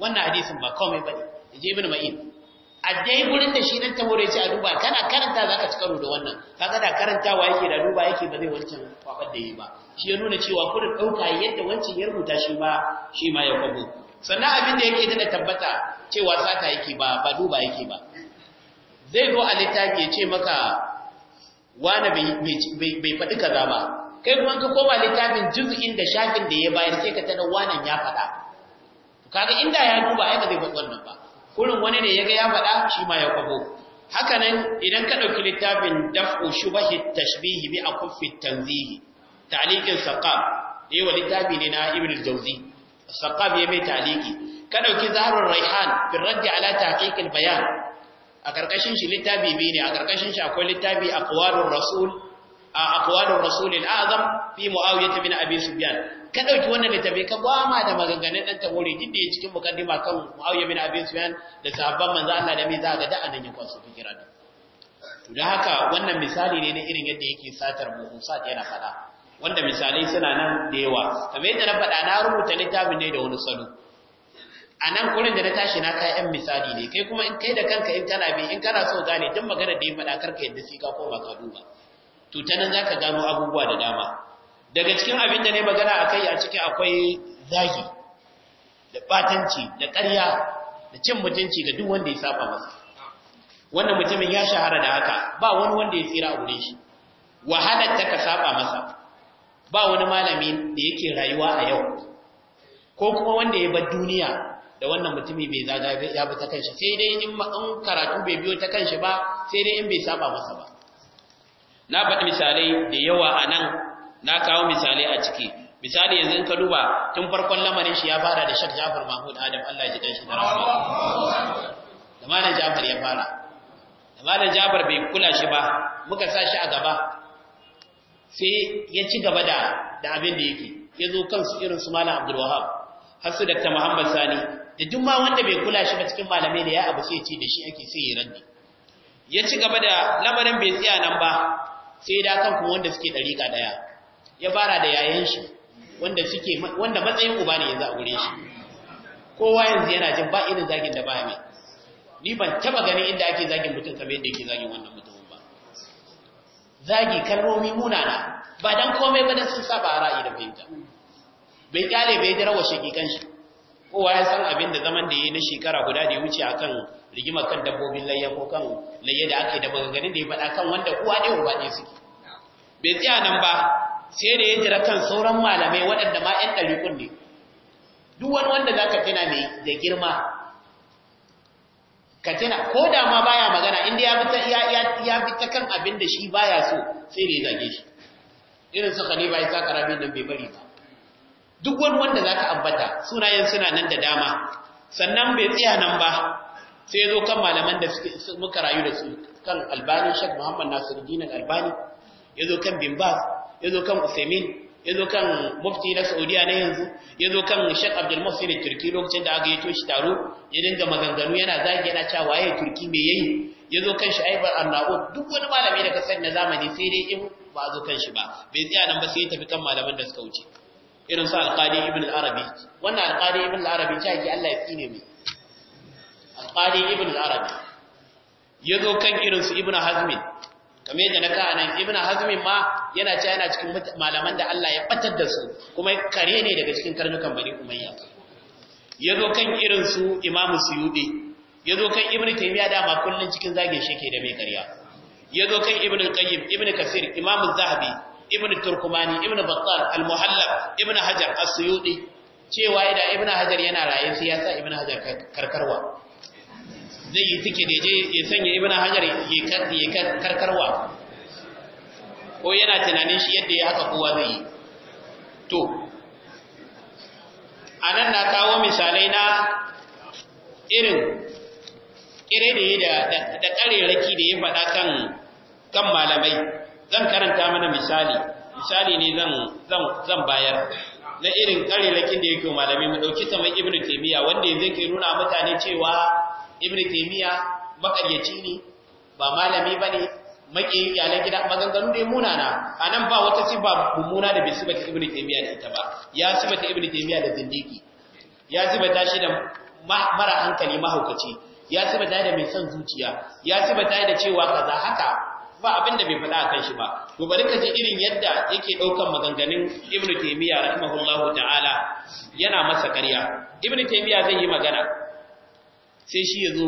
wannan hadisin ba komai bane je ibnu ma'in a yi gurin da shi nan ta more ce a duba kana karanta zaka ci karo da wannan kaga da wa yake da duba yake ba zai wancan kwabar da yi ba shi ya nuna cewa da dauka yadda wancan ya rubuta shi ba shi ma ya kwabo sannan abin da yake da tabbata cewa sata yake ba ba duba yake ba zai zo a littafi ya ce maka wani bai faɗi kaza ba kai kuma ka koma littafin juz'in da shafin da ya bayar sai ka tana wani ya faɗa kaga inda ya duba ai ba zai faɗi wannan ba kurin wani ne ya ga ya faɗa shi ma ya kwabo haka nan idan ka ɗauki littafin daf'u shubahi tashbihi bi a kuffi tanzihi ta'liqin saqab littafi ne na ibn al-jawzi saqab ya mai ta'liqi ka ɗauki zahrul raihan fi raddi ala bayan a karkashin shi littafi bi ne a karkashin shi akwai littafi aqwalur rasul a aqwalur rasul al-azam fi muawiyah bin abi sufyan ka ɗauki wannan littafi ka gwama da maganganun ɗan tagore duk da ya cikin mukaddima kan Muawiya bin Abi Sufyan da sahabban manzo Allah da me za ga da anan ya kwaso fikira da to da haka wannan misali ne na irin yadda yake satar mu Musa yana faɗa wanda misalai suna nan da yawa kamar yadda na faɗa na rubuta littafin ne da wani salo a nan kurin da na tashi na kai yan misali ne kai kuma in kai da kanka in kana bi in kana so gane duk magana da ya faɗa karka yadda sai ka koma ka duba to ta zaka gano abubuwa da dama daga cikin abin da ne magana a kai a ciki akwai zagi da batanci da ƙarya da cin mutunci da duk wanda ya saba masa wannan mutumin ya shahara da haka ba wani wanda ya tsira a wurin shi wahalar ta ka saba masa ba wani malami da yake rayuwa a yau ko kuma wanda ya bar duniya da wannan mutumi bai zaga ya bi ta kanshi sai dai in karatu bai biyo ta kanshi ba sai dai in bai saba masa ba na faɗi misalai da yawa a nan na kawo misali a ciki misali yanzu in ka duba tun farkon lamarin shi ya fara da Sheikh Jafar Mahmud Adam Allah ya ji shi da rahama da malam Jafar ya fara da malam Jafar bai kula shi ba muka sa shi a gaba sai ya ci gaba da da abin da yake ya zo kansu irin su malam Abdul Wahab har su Dr. Muhammad Sani da duk ma wanda bai kula shi ba cikin malamai da ya abu sai ce da shi ake sai ya rande ya ci gaba da lamarin bai tsaya nan ba sai da kan kuma wanda suke dariƙa daya ya fara da yayin shi wanda suke wanda matsayin uba ne yanzu a gure shi kowa yanzu yana jin ba irin zagin da ba mai ni ban taba ganin inda ake zagin mutum kamar yadda yake zagin wannan mutumin ba zagi kalmomi munana ba dan komai ba dan sun saba ra'ayi da fahimta bai kyale bai darawa shakikan shi kowa ya san abin da zaman da yi na shekara guda da ya wuce akan rigimar kan dabbobin layya ko kan layya da ake da maganganun da ya faɗa kan wanda uwa ɗaya uba ɗaya suke bai tsaya nan ba sai da ya jira kan sauran malamai waɗanda ma ‘yan ɗariƙun ne duk wani wanda za ka tuna mai da girma ka tuna ko da ma baya magana inda ya fita kan abin da shi baya so sai da ya zage shi irin su khalifa ya saka rabin nan bai bari ba duk wani wanda za ka ambata sunayen suna nan da dama sannan bai tsaya nan ba sai zo kan malaman da muka rayu da su kan albani shek muhammad Nasiru, nasiruddin albani ya zo kan bin ya zo kan usaimin ya zo kan mufti na saudiya na yanzu ya zo kan shek abdul musulun turki lokacin da aka yi toshi taro ya dinga maganganu yana zagi yana cewa waye turki me yayi ya zo kan shi aibar annabo duk wani malami da ka sani na zamani sai dai in ba zo kan shi ba bai tsaya nan ba sai ya tafi kan malaman da suka wuce irin su alqadi ibn al-arabi wannan alqadi ibn al-arabi ta yake Allah ya tsine mai alqadi ibn al-arabi ya zo kan irin su ibn hazmin kamar yadda na ka nan ibn hazmin ma yana cewa yana cikin malaman da Allah ya batar da su kuma kare ne daga cikin karnukan bani umayya ya zo kan irin su imamu suyudi ya zo kan ibnu taymiya dama kullun cikin zage shi ke da mai karya ya zo kan ibnu qayyim ibnu kasir imamu zahabi ibnu turkumani ibnu battal al-muhallab ibnu hajar as-suyudi cewa idan ibnu hajar yana raye sai ya sa ibnu hajar karkarwa zai yi tike da je ya sanya ibnu hajar ya karkarwa ko yana tunanin shi yadda ya haka kowa zai yi to anan na kawo misalai na irin kire da da kare raki da ya faɗa kan kan malamai zan karanta mana misali misali ne zan bayar na irin kare raki da yake malamai mu dauki kamar ibnu taymiya wanda yanzu ke nuna mutane cewa ibnu taymiya makaryaci ne ba malami bane maki iyalan gida maganganu ne munana anan ba wata siba mummuna da bai sifa ibn taymiya da ita ba ya sibata ibn taymiya da zindiki ya ta shi da mara hankali mahaukaci ya ta da mai son zuciya ya ta da cewa kaza haka ba abin da bai faɗa a kan shi ba to bari ka ji irin yadda yake ɗaukan maganganun ibn taymiya rahimahullahu ta'ala yana masa ƙarya ibn taymiya zai yi magana sai shi ya zo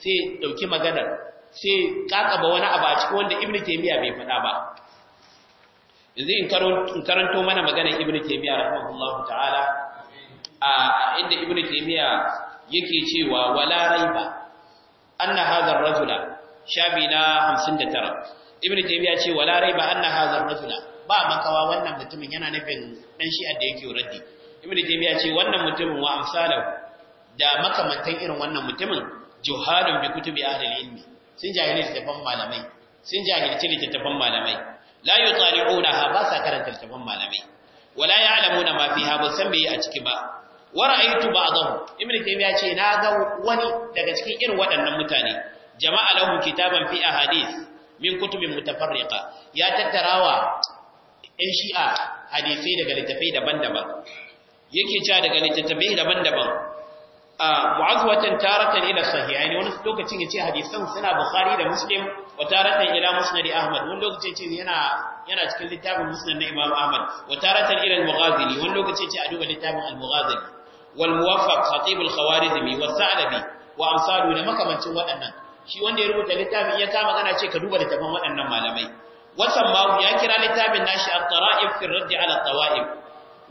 sai ɗauki maganar sai kakaba wani abu a cikin wanda Ibn taymiya bai faɗa ba yanzu in karanto mana maganar ibn taymiya rahimahullahu ta'ala a inda ibn taymiya yake cewa wala raiba anna hadha ar-rajula shabi na 59 Ibn taymiya ce wala raiba anna hadha ar-rajula ba makawa wannan mutumin yana nufin dan shi'a da yake uradi Ibn taymiya ce wannan mutumin wa amsalahu da makamantan irin wannan mutumin juhadun bi kutubi ahli al-ilmi sun jahilci littattafan malamai sun jahilci littattafan malamai la yutari'unaha ba sa karanta littattafan malamai wala ya'lamuna ma fiha ba san me a ciki ba wa ra'aytu ba'dahu ibn taymiya ce na ga wani daga cikin irin waɗannan mutane jama'a lahu kitaban fi ahadith min kutubin mutafarriqa ya tattarawa in shi'a hadisi daga littattafai daban-daban yake cewa daga littattafai daban-daban mu'azwatan taratan ila sahihaini wani lokacin yace hadisan suna bukhari da muslim wa taratan ila musnad ahmad wani lokacin yace yana yana cikin littafin musnad na imam ahmad wa taratan ila al-mughazali wani lokacin yace a duba littafin al-mughazali wal muwaffaq khatib al-khawarizmi wa sa'labi wa amsalu da makamancin waɗannan shi wanda ya rubuta littafin ya kama magana ce ka duba littafin waɗannan malamai wasan ma ya kira littafin nashi at-tara'ib fi ar-radd ala at-tawa'ib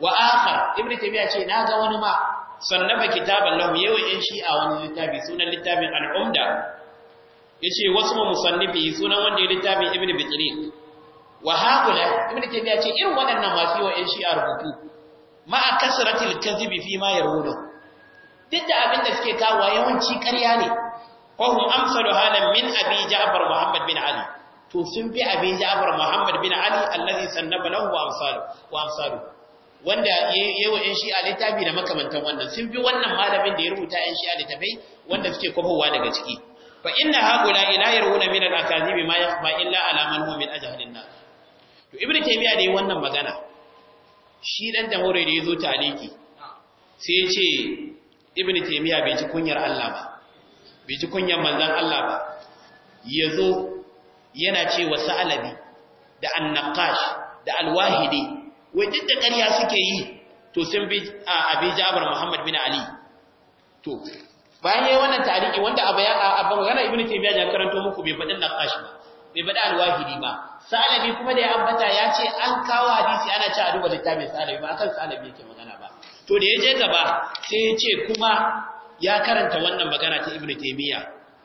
wa akhar ibnu taymiya ce na ga wani ma sannafa kitaban lahu yawa yan a wani littafi sunan littafin al'umda yace wasu mu musannifi sunan wanda ya littafin ibnu bitri wa haula ibnu taymiya ce irin waɗannan masu yawa yan a rubutu ma kasratil kadhibi fi ma yarwuna duk da abin da suke kawo yawanci ƙarya ne wa hum amsalu halan min abi ja'far muhammad bin ali to sun fi abi ja'far muhammad bin ali allazi sannafa lahu wa amsalu wa amsalu wanda yawa ‘yan shi'a littafi da makamantan wannan sun fi wannan malamin da ya rubuta ‘yan shi'a littafai wanda suke kwafowa daga ciki fa inna haƙula ila ya ruhuna minar akazibi ma ya fa illa alaman homin ajahalin na to ibn taimiyya da yi wannan magana shi ɗan jamhuri da ya zo taliki sai ce ibn taimiyya bai ci kunyar allah ba bai ci kunyar manzan allah ba ya zo yana ce wa Alabi, da annaqash da alwahidi wai duk da ƙarya suke yi to sun bi a abin jabar muhammad bin ali to bayan yi wannan tariki wanda a ya gana magana ibnu biya ya karanto muku bai faɗin naqash ba bai faɗi alwahidi ba salabi kuma da ya ambata ya ce an kawo hadisi ana ci a duba littafin salabi ba a kan salabi yake magana ba to da ya je gaba sai ya ce kuma ya karanta wannan magana ta ibnu taymiya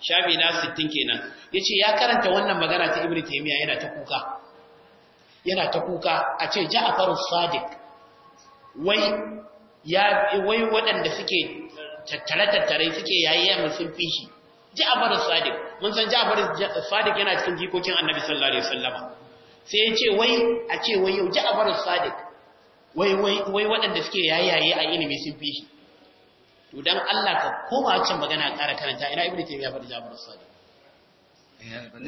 shafi na 60 kenan ya ce ya karanta wannan magana ta ibnu taymiya yana ta kuka yana ta kuka a ce ja'afar sadiq wai ya wai waɗanda suke tattare tattare suke yayya sun fi shi ja'afar sadiq mun san ja'afar sadiq yana cikin jikokin annabi sallallahu alaihi wasallama sai ya ce wai a ce wai yau ja'afar sadiq wai wai wai waɗanda suke yayaye a ilimi sun fi shi to dan Allah ka koma cin magana ƙara karanta ina ibnu taymiya fa ja'afar sadiq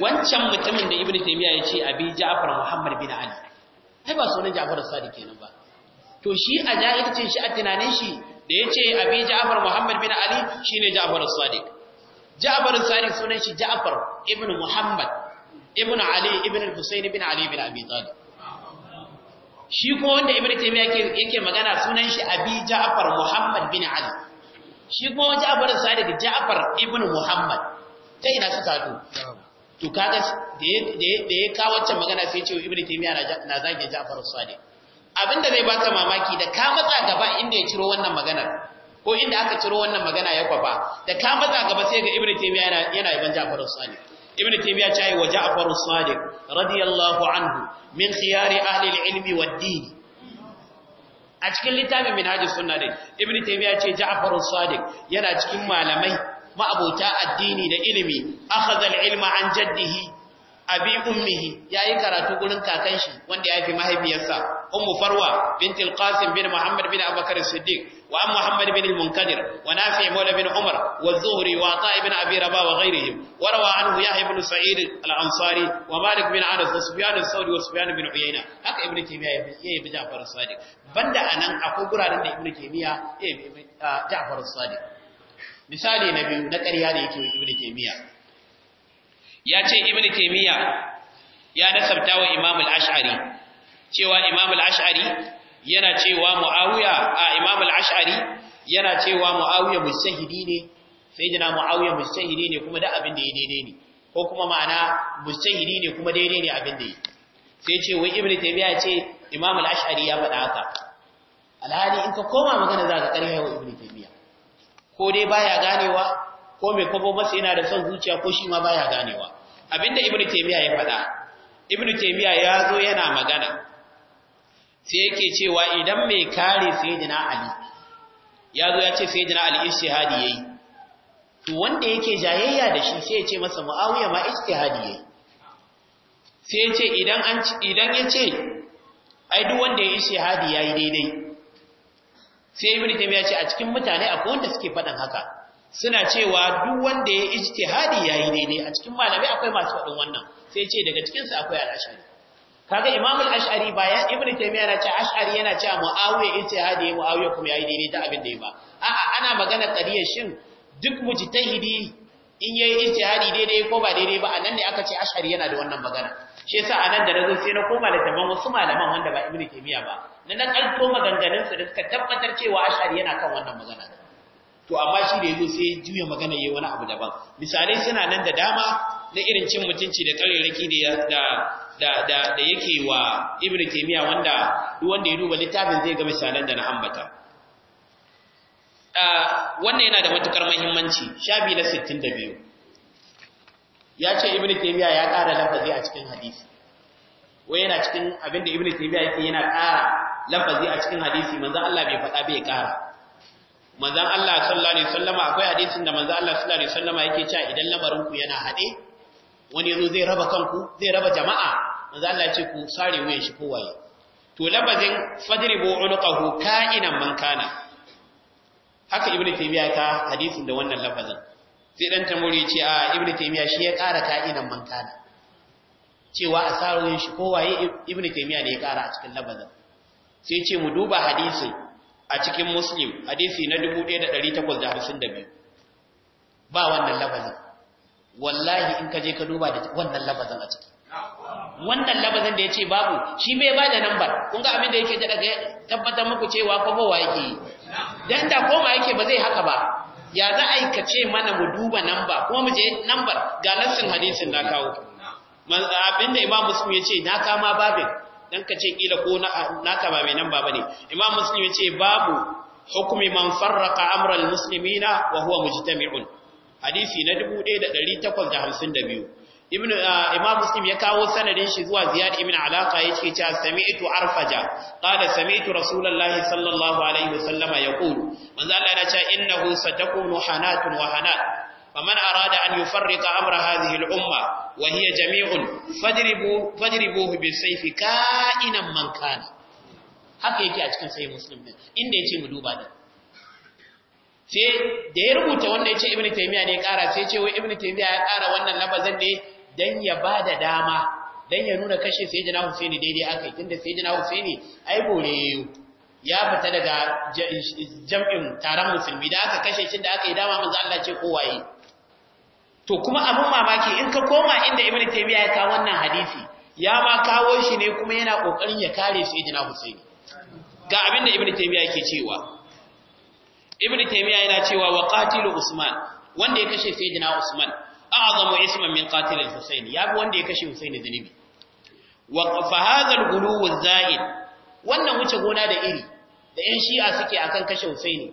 wancan mutumin da ibn taymiya ya ce abi ja'far muhammad bin ali ai ba sunan ja'far sadiq kenan ba to shi a ce shi a tunanin shi da ya ce abi ja'far muhammad bin ali shine ja'far sadiq ja'far sadiq sunan shi ja'far ibn muhammad ibn ali ibn al-husayn bin ali bin abi talib shi kuma wanda ibn taymiya yake magana sunan shi abi ja'far muhammad bin ali shi kuma ja'far sadiq ja'far ibn muhammad Sai ina suka hadu to kaga da ya kawo wancan magana sai ce ibnu taymiya na zage ja'far as-sadiq abinda zai baka mamaki da ka matsa gaba inda ya ciro wannan magana ko inda aka ciro wannan magana ya kwafa da ka matsa gaba sai ga ibnu taymiya yana yana yaban ja'far as-sadiq ibnu taymiya ce wa ja'far as-sadiq radiyallahu anhu min khiyari ahli al-ilmi din a cikin littafin minhajus sunna din ibnu taymiya ce ja'far as-sadiq yana cikin malamai ma'abota addini da ilimi akhadha ilma an jaddihi abi ummihi yayi karatu gurin kakan shi wanda yafi mahaifiyarsa ummu farwa bint al bin muhammad bin abakar as-siddiq wa am muhammad bin al-munkadir wa nafi' mawla bin umar wa zuhri wa ta' ibn abi rabah wa ghayrihim wa rawa anhu yahya ibn sa'id al-ansari wa malik bin anas wa sufyan al-thawri wa sufyan bin uyayna haka ibn taymiya yayi bi ja'far as-sadiq banda anan akwai guraren da ibn taymiya yayi bi uh, ja'far as-sadiq misali na biyu na ƙarya da yake ibn taymiya ya ce ibn taymiya ya nasabta wa imam al-ash'ari cewa imam al-ash'ari yana cewa muawiya a imam al-ash'ari yana cewa muawiya mushahidi ne sayyidina muawiya mushahidi ne kuma da abin da yake daidai ne ko kuma ma'ana mushahidi ne kuma daidai ne abin da yi sai ce wai ibn taymiya ce imam al-ash'ari ya faɗa haka alhali in ka koma magana za ka ƙarya wa ibn taymiya ko dai baya ganewa ko mai kwabo masa yana da son zuciya ko shi ma baya ganewa abinda ibnu taymiya ya faɗa ibnu taymiya ya zo yana magana sai yake cewa idan mai kare sayyidina ali ya zo ya ce sayyidina ali ijtihadi yayi to wanda yake jayayya da shi sai ya ce masa muawiya ma ijtihadi yayi sai ya ce idan an idan ya ce ai duk wanda ya ijtihadi yayi daidai sai ibn taymiya ce a cikin mutane akwai wanda suke faɗin haka suna cewa duk wanda ya ijtihadi yayi daidai a cikin malami akwai masu faɗin wannan sai ce daga cikin su akwai al-ashari kaga imam al-ash'ari bayan ibnu taymiya na ce ash'ari yana ce muawiya ijtihadi muawiya kuma yi daidai ta abin da ya ba a'a ana magana qadiyar shin duk mujtahidi in yayi ijtihadi daidai ko ba daidai ba anan ne aka ce ash'ari yana da wannan magana shi yasa anan da nazo sai na koma da taban wasu malaman wanda ba ibnu taymiya ba na nakalto maganganunsu da suka tabbatar cewa ashari yana kan wannan magana to amma shi da yazo sai juya magana yayi wani abu daban misalai suna nan da dama na irin cin mutunci da kareraki da da da da yake wa ibnu taymiya wanda duk wanda ya duba littafin zai ga misalan da na ambata ah, wannan yana da matukar muhimmanci shabi na 62 ya ce ibnu taymiya ya kara lafazi a cikin hadisi wai yana cikin abinda ibnu taymiya yake yana ƙara lafazi a cikin hadisi manzo Allah bai faɗa bai ƙara manzo Allah sallallahu alaihi wasallama akwai hadisin da manzo Allah sallallahu alaihi wasallama yake cewa idan lamarin ku yana hade wani yazo zai raba kanku zai raba jama'a manzo Allah ya ce ku sare wuyan shi kowaye to lafazin fadribu unqahu ka'inan man kana haka ibnu taymiya ta hadisin da wannan lafazin sai dan tamuri ce a ibnu taymiya shi ya ƙara ka'inan man kana cewa a saroyin shi kowaye ibnu taymiya ne ya ƙara a cikin lafazin sai ce mu duba hadisi a cikin muslim hadisi na 1852 ba wannan labazin wallahi in ka je ka duba da wannan labazin a ciki wannan labazin da ya ce babu shi mai ba da nambar kun ga abin da yake da daga tabbatar muku cewa komowa yake yi dan da koma yake ba zai haka ba ya za a yi ka ce mana mu duba namba kuma mu je nambar ga nassin hadisin na kawo abin da imam muslim ya ce na kama babin dan ka ce kila ko na ba mai nan ba ne. imam muslim ce babu hukmi man farraqa amra almuslimina wa huwa mujtami'un hadisi na 1852 ibn ah, imam muslim ya kawo sanadin shi zuwa ziyad ibn alaqa yace cewa sami'tu arfaja qala sami'tu rasulullahi sallallahu alaihi wasallama yaqulu manzo Allah ya ce innahu satakunu hanatun wa hanat فمن أراد an يفرق أمر هذه الأمة وهي جميع فاجربوه, jami'un fajribu fajribuhu bisayfi ka'inan man kana haka yake a cikin دي muslim din inda yace mu duba din da ya rubuta wanda yace ibnu taymiya ne kara sai yace wai taymiya ya kara wannan labazan ne dan ya bada dama dan ya nuna kashe sayyidina husaini daidai akai tunda husaini ai bore ya fita daga jam'in taron musulmi da aka kashe shi da aka yi dama manzo Allah ce waye? to kuma abin mamaki in ka koma inda ibn taymiya ya kawo wannan hadisi ya ma kawo shi ne kuma yana kokarin ya kare sayyidina husaini ga abin da ibn taymiya yake cewa ibn taymiya yana cewa wa qatilu usman wanda ya kashe sayyidina usman a'zamu isman min qatilil husaini ya bi wanda ya kashe husaini zanibi wa fa hadha al-ghuluw az wannan wuce gona da iri da yan shi'a suke akan kashe husaini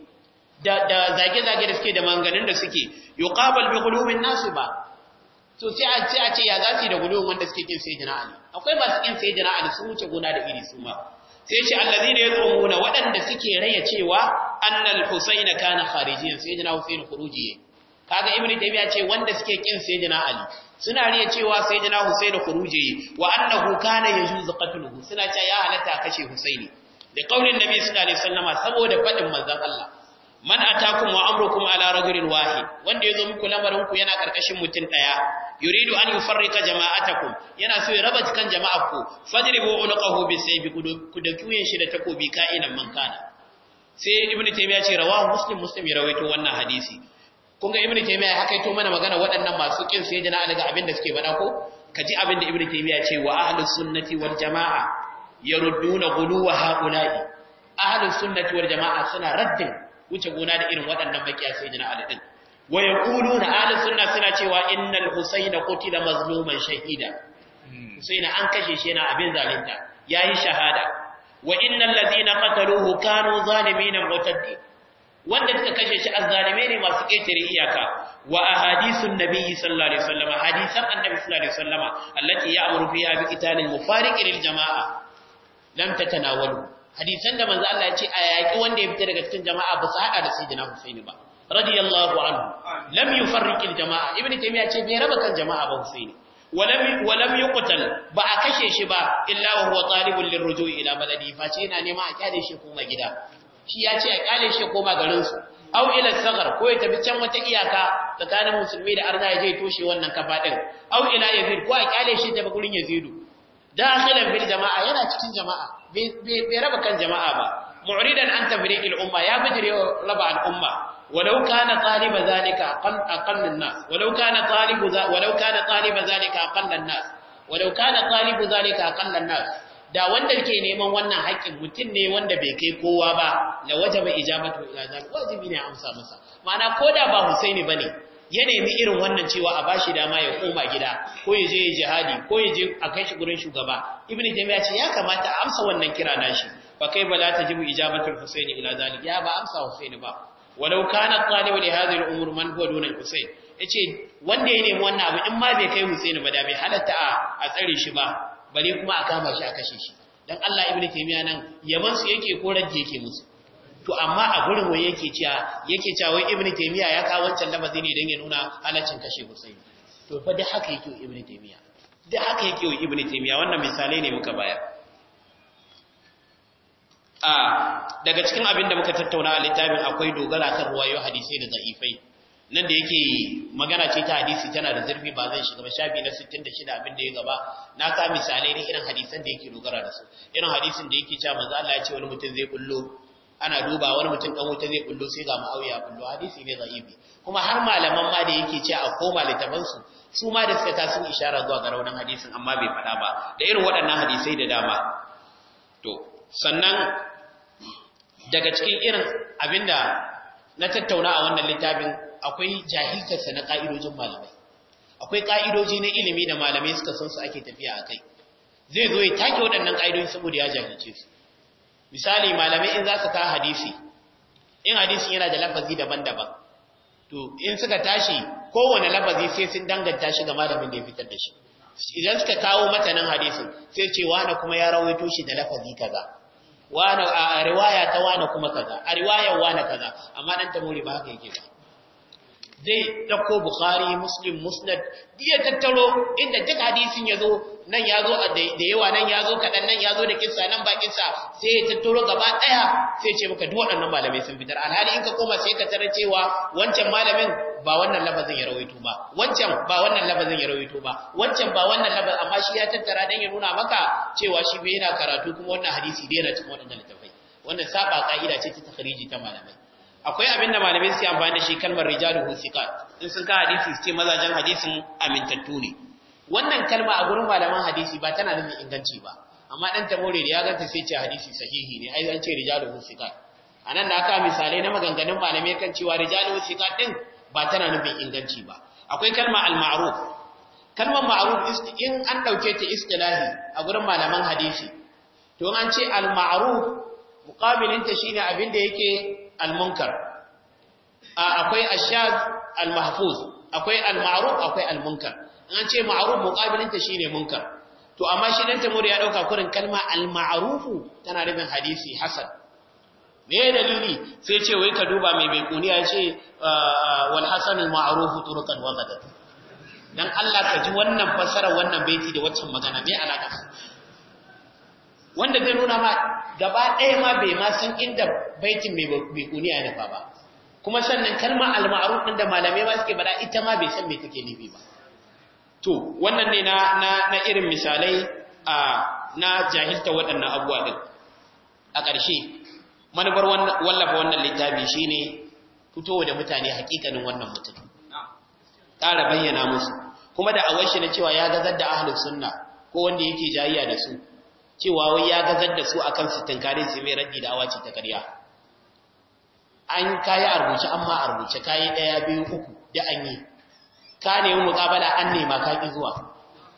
da zage-zage da suke da manganin da suke yuqabal bi qulubin nasu ba to sai a ce a ce ya yi da gudun wanda suke kin sayyidina ali akwai masu kin sayyidina ali sun wuce gona da iri su ma sai ce allazina yazumuna waɗanda suke raya cewa annal husain kana kharijiyan sayyidina husayn khuruji kaga ibnu tabiya ce wanda suke kin sayyidina ali suna riya cewa sai sayyidina husain khuruji wa annahu kana yajuz qatluhu suna cewa ya halatta kashe husaini da kaulin nabi sallallahu alaihi wasallama saboda fadin manzon Allah man atakum wa amrukum ala rajulin wahid wanda yazo muku lamarin ku yana karkashin mutum daya yuridu an yufarrika jama'atakum yana so ya raba cikan jama'arku fajribu unqahu bisayfi kuyen shi da takobi ka'inan man kana sai ibn taymiya ce rawahu muslim muslim ya rawaito wannan hadisi kun ga ibn taymiya haka yato mana magana waɗannan masu kin sai jana abin da suke bada ko kaji abin da ibn taymiya ce wa ahlus sunnati wal jamaa yarudduna guluwa haula'i ahlus sunnati wal jamaa suna raddin wuce gona da irin waɗannan makiya sayyidina Ali din wa yaquluna ahlus sunna suna cewa innal husayna qutila mazluman shahida hmm. husayna an kashe shi yana abin zalunta yayi shahada wa innal ladina qataluhu kanu zalimin mutaddi wanda suka kashe shi azzalime ne masu ƙetare iyaka wa ahadisun nabiyyi sallallahu alaihi wasallam hadisan annabi sallallahu alaihi wasallam allati ya'muru biha bi qitalil mufariqi lil jama'a lam tatanawalu hadisan da manzo Allah ya ce a yaki wanda ya fita daga cikin jama'a ba su haɗa da sayyidina Husaini ba radiyallahu anhu lam yufarriq aljamaa ibnu taymiya ce bai raba kan jama'a ba Husaini walam walam yuqtal ba a kashe shi ba illa wa huwa talibun lirruju'i ila baladi fa ce yana nema a kyale shi koma gida shi ya ce a kyale shi koma garin su aw ila sagar ko ya tafi can wata iyaka tsakanin musulmi da arna ya je toshe wannan kafa din aw ila yazid ko a kyale shi tafi gurin yazidu dakhilan bil jama'a yana cikin jama'a bai raba kan jama'a ba mu'ridan an tabriqil umma ya bijire raba al umma walau kana taliba zalika aqall aqall nas walau kana nas da wanda ke neman wannan haƙƙin mutum ne wanda bai kai kowa ba la wajaba ijabatu ila zalika wajibi ne amsa masa ma'ana koda ba Husaini bane ya nemi irin wannan cewa a bashi dama ya koma gida ko ya je ya jihadi ko ya je a kai shi gurin shugaba ibn jami'a ce ya kamata a amsa wannan kira nashi fa kai bala ta jibu ijabatul husayn ila zalik ya ba amsa husayn ba walau kana talibu li hadhihi al-umur man huwa duna husayn yace wanda ya nemi wannan abu in ma bai kai husayn ba da bai halatta a tsare shi ba bare kuma a kama shi a kashe shi dan Allah ibn jami'a nan yaban su yake ko rajje yake musu to amma a gurin wai yake cewa yake cewa wai ibnu taymiya ya kawo wancan lafazi ne dan ya nuna halaccin kashe husaini to fa da haka yake ibnu taymiya da haka yake ibnu taymiya wannan misalai ne muka bayar a daga cikin abin da muka tattauna a littafin akwai dogara kan ruwayo hadisai da zaifai nan da yake magana ce ta hadisi tana da zurfi ba zan shiga ba shafi na 66 abin da ya gaba na ka misalai ne irin hadisan da yake dogara da su irin hadisin da yake cewa manzo Allah ya ce wani mutum zai kullo ana duba wani mutum dan wuta zai bullo sai ga ma'awiya bullo hadisi ne zaibi kuma har malaman ma da yake ce a koma littafan su su ma da suka tasu ishara zuwa ga raunan hadisin amma bai fada ba da irin waɗannan hadisai da dama to sannan daga cikin irin abinda na tattauna a wannan littafin akwai jahiltarsa na ka'idojin malamai akwai ka'idoji na ilimi da malamai suka san su ake tafiya a kai zai zo ya take waɗannan ka'idoji saboda ya jahilce su misali malamai in za su ta hadisi in hadisi yana da lafazi daban-daban to in suka tashi kowane lafazi sai sun danganta shi ga malamin da ya fitar da shi idan suka kawo matanin hadisi, sai ce wani kuma ya rawaito shi da lafazi kaza wani a riwaya ta wani kuma kaza a riwayar wani kaza amma dan tamuri ba haka yake ba zai dauko bukhari muslim musnad ya tattaro inda duk hadisin ya zo nan ya zo da yawa nan ya zo kaɗan nan ya zo da kissa nan ba kissa sai ya tattoro gaba ɗaya sai ce maka duk waɗannan malamai sun fitar alhali in ka koma sai ka tarar cewa wancan malamin ba wannan lafazin ya rawaito ba wancan ba wannan lafazin ya rawaito ba wancan ba wannan lafazin amma shi ya tattara dan ya nuna maka cewa shi bai yana karatu kuma wannan hadisi bai yana cikin wannan littafai wannan saba ka'ida ce ta takhriji ta malamai akwai abinda malamai su amfani da shi kalmar rijaluhu thiqat in sun ka hadisi su ce mazajen hadisin amintattu ne wannan kalma a gurin malaman hadisi ba tana nufin inganci ba amma dan tabore da ya ganta sai ce hadisi sahihi ne ai an ce rijalu thiqat anan da aka misalai na maganganun malamai kan cewa rijalu musika din ba tana nufin inganci ba akwai kalma al-ma'ruf kalmar ma'ruf in an dauke ta istilahi a gurin malaman hadisi to an ce al-ma'ruf muqabilin ta shine abin da yake al-munkar akwai ashad al-mahfuz akwai al-ma'ruf akwai al-munkar an ce ma'aruf muqabilinta shine munkar to amma shi dan tamur ya dauka kurin kalma al-ma'rufu tana da hadisi hasan me dalili sai ce wai ka duba mai bai kuniya ce ah, ah, wal hasan al-ma'rufu turqan wa gadat dan Allah ka ji wannan fasara wannan baiti da waccan magana me alaka wanda zai nuna ma gaba ɗaya ma bai ma san inda baitin mai kuniya ya nufa ba kuma sannan kalma al-ma'ruf din da malamai ba suke bada ita ma bai san me take nufi ba to wannan ne na na irin misalai a na jahilta waɗannan abuwa din a ƙarshe manufar wallafa wannan littafi shi ne fitowa da mutane haƙiƙanin wannan mutum ƙara bayyana musu kuma da awashi na cewa ya gazar da ahlus sunna ko wanda yake jayiya da su cewa wai ya gazar da su akan sitin kare su mai raɗi da ce ta ƙarya an kayi a rubuce amma a rubuce kayi ɗaya biyu uku da an yi ka nemi muƙabala an nema ka ƙi zuwa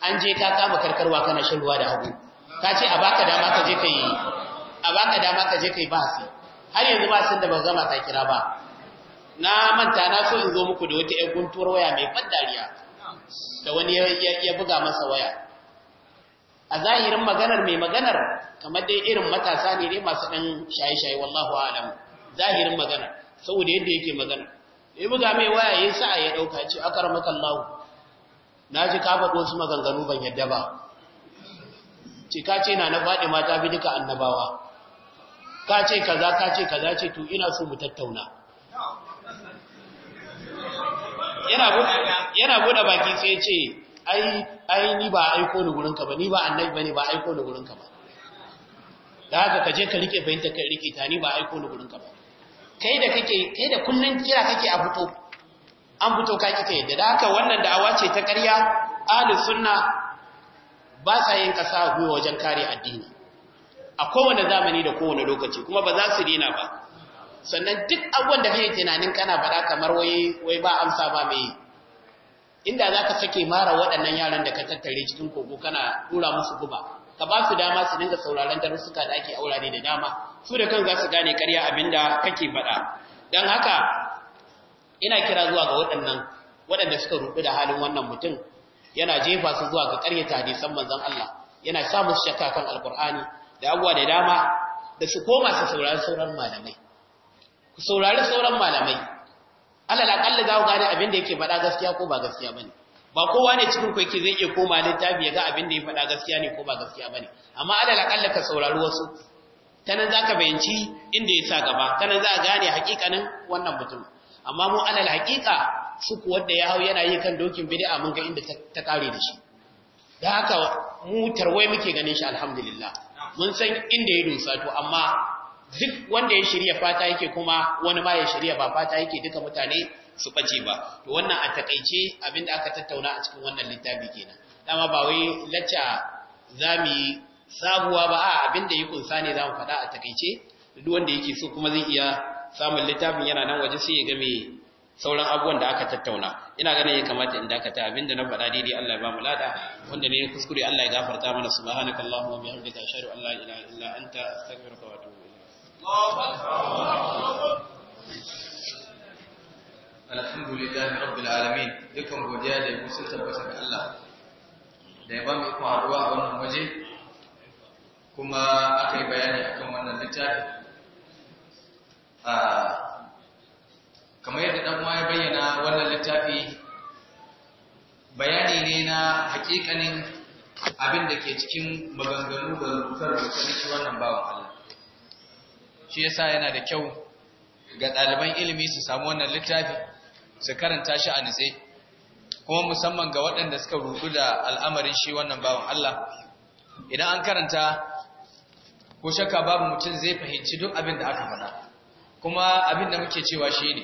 an je ka kama karkarwa kana shan ruwa da hagu ka ce a baka dama ka je kai a baka dama ka je kai basi har yanzu ba sun da ban gama ka kira ba na manta na so in zo muku da wata 'yar guntuwar waya mai ban dariya da wani ya buga masa waya a zahirin maganar mai maganar kamar dai irin matasa ne dai masu ɗan shaye-shaye wallahu alam zahirin maganar saboda yadda yake magana in buga mai waya ya sa'a ya ɗauka ce akar lau na ji ka faɗo su maganganu ban yadda ba ce ka ce na na faɗi mata bi duka annabawa ka ce kaza ka ce kaza ce to ina so mu tattauna yana buɗe baki sai ce ai ni ba aiko ni ka ba ni ba annabi ba ne ba aiko ni ka ba da haka ka je ka rike fahimta ka rike ta ni ba aiko ni ka ba kai da kake kai da kullun kira kake a fito an fito ka kike da haka wannan da'awa ce ta ƙarya ahlus sunna ba sa yin kasa gowa wajen kare addini a kowane zamani da kowane lokaci kuma ba za su dina ba sannan duk abubuwan da kake tunanin kana faɗa kamar wai wai ba amsa ba mai inda za sake mara waɗannan yaran da ka tattare cikin kogo kana tura musu guba ka ba su dama su dinga sauraron darussuka da ake aura ne da dama su da kan za su gane karya abinda kake faɗa don haka ina kira zuwa ga waɗannan waɗanda suka rubu da halin wannan mutum yana jefa su zuwa ga ƙarya ta hadisan manzon Allah yana sa musu shakka kan alkur'ani da abuwa da dama da su koma su saurari sauran malamai ku saurari sauran malamai Allah la kalla za ku gane abin da yake faɗa gaskiya ko ba gaskiya bane ba kowa ne cikin ku yake zai iya koma littafi ya ga abin da ya faɗa gaskiya ne ko ba gaskiya bane amma alal akalla ka saurari wasu Ta nan zaka bayanci inda ya sa gaba nan za ka gane hakikanin wannan mutum amma mu alal hakika su ku wanda ya hau yana yi kan dokin bid'a mun ga inda ta kare da shi da haka mu tarwai muke ganin shi alhamdulillah mun san inda ya dusa to amma duk wanda ya shirya fata yake kuma wani ma ya shirya ba fata yake duka mutane su bace ba to wannan a takaice abinda aka tattauna a cikin wannan littafi kenan dama ba wai lacca za yi sabuwa ba a abinda yi kunsa ne za mu faɗa a takaice duk wanda yake so kuma zai iya samun littafin yana nan waje sai ya ga me sauran abubuwan da aka tattauna ina ganin ya kamata in dakata abinda na faɗa daidai Allah ya ba mu lada wanda ne kuskure Allah ya gafarta mana subhanakallahu wa bihamdika ashhadu an la ilaha illa anta astaghfiruka wa atubu ilayk Allahu akbar alhamdulillahi rabbil alamin dukkan godiya da yabo sun tabbata ga Allah da ya mu kuma haduwa a wannan waje kuma aka yi bayani akan wannan littafi kamar yadda dan uwa ya bayyana wannan littafi bayani ne na hakikanin abin da ke cikin maganganu da rubutar-rubutar shi wannan bawan Allah shi yasa yana da kyau ga ɗaliban ilimi su samu wannan littafi su karanta shi a nitse kuma musamman ga waɗanda suka rudu da al'amarin shi wannan bawan Allah idan an karanta ko shakka babu mutum zai fahimci duk abin da aka faɗa kuma abin da muke cewa shi ne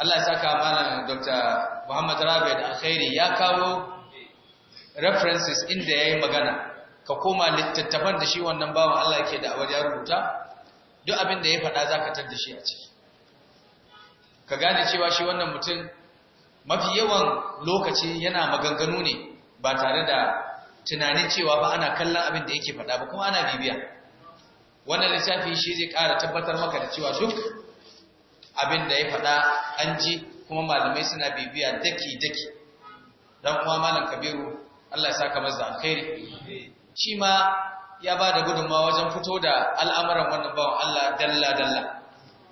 Allah ya saka malam Dr. Muhammad Rabi da alkhairi ya kawo references inda yayi magana ka koma littattafan da shi wannan bawan Allah yake da awar ya rubuta duk abin da ya faɗa zaka tar da shi a ciki ka gane cewa shi wannan mutum mafi yawan lokaci yana maganganu ne ba tare da tunanin cewa ba ana kallon abin da yake faɗa ba kuma ana bibiya wannan lissafi shi zai ƙara tabbatar maka da cewa duk abin da ya faɗa an ji kuma malamai suna bibiya daki-daki don kuma malam kabiru Allah ya saka masa alkhairi shi ma ya ba da gudunmawa wajen fito da al'amuran wannan bawan Allah dalla-dalla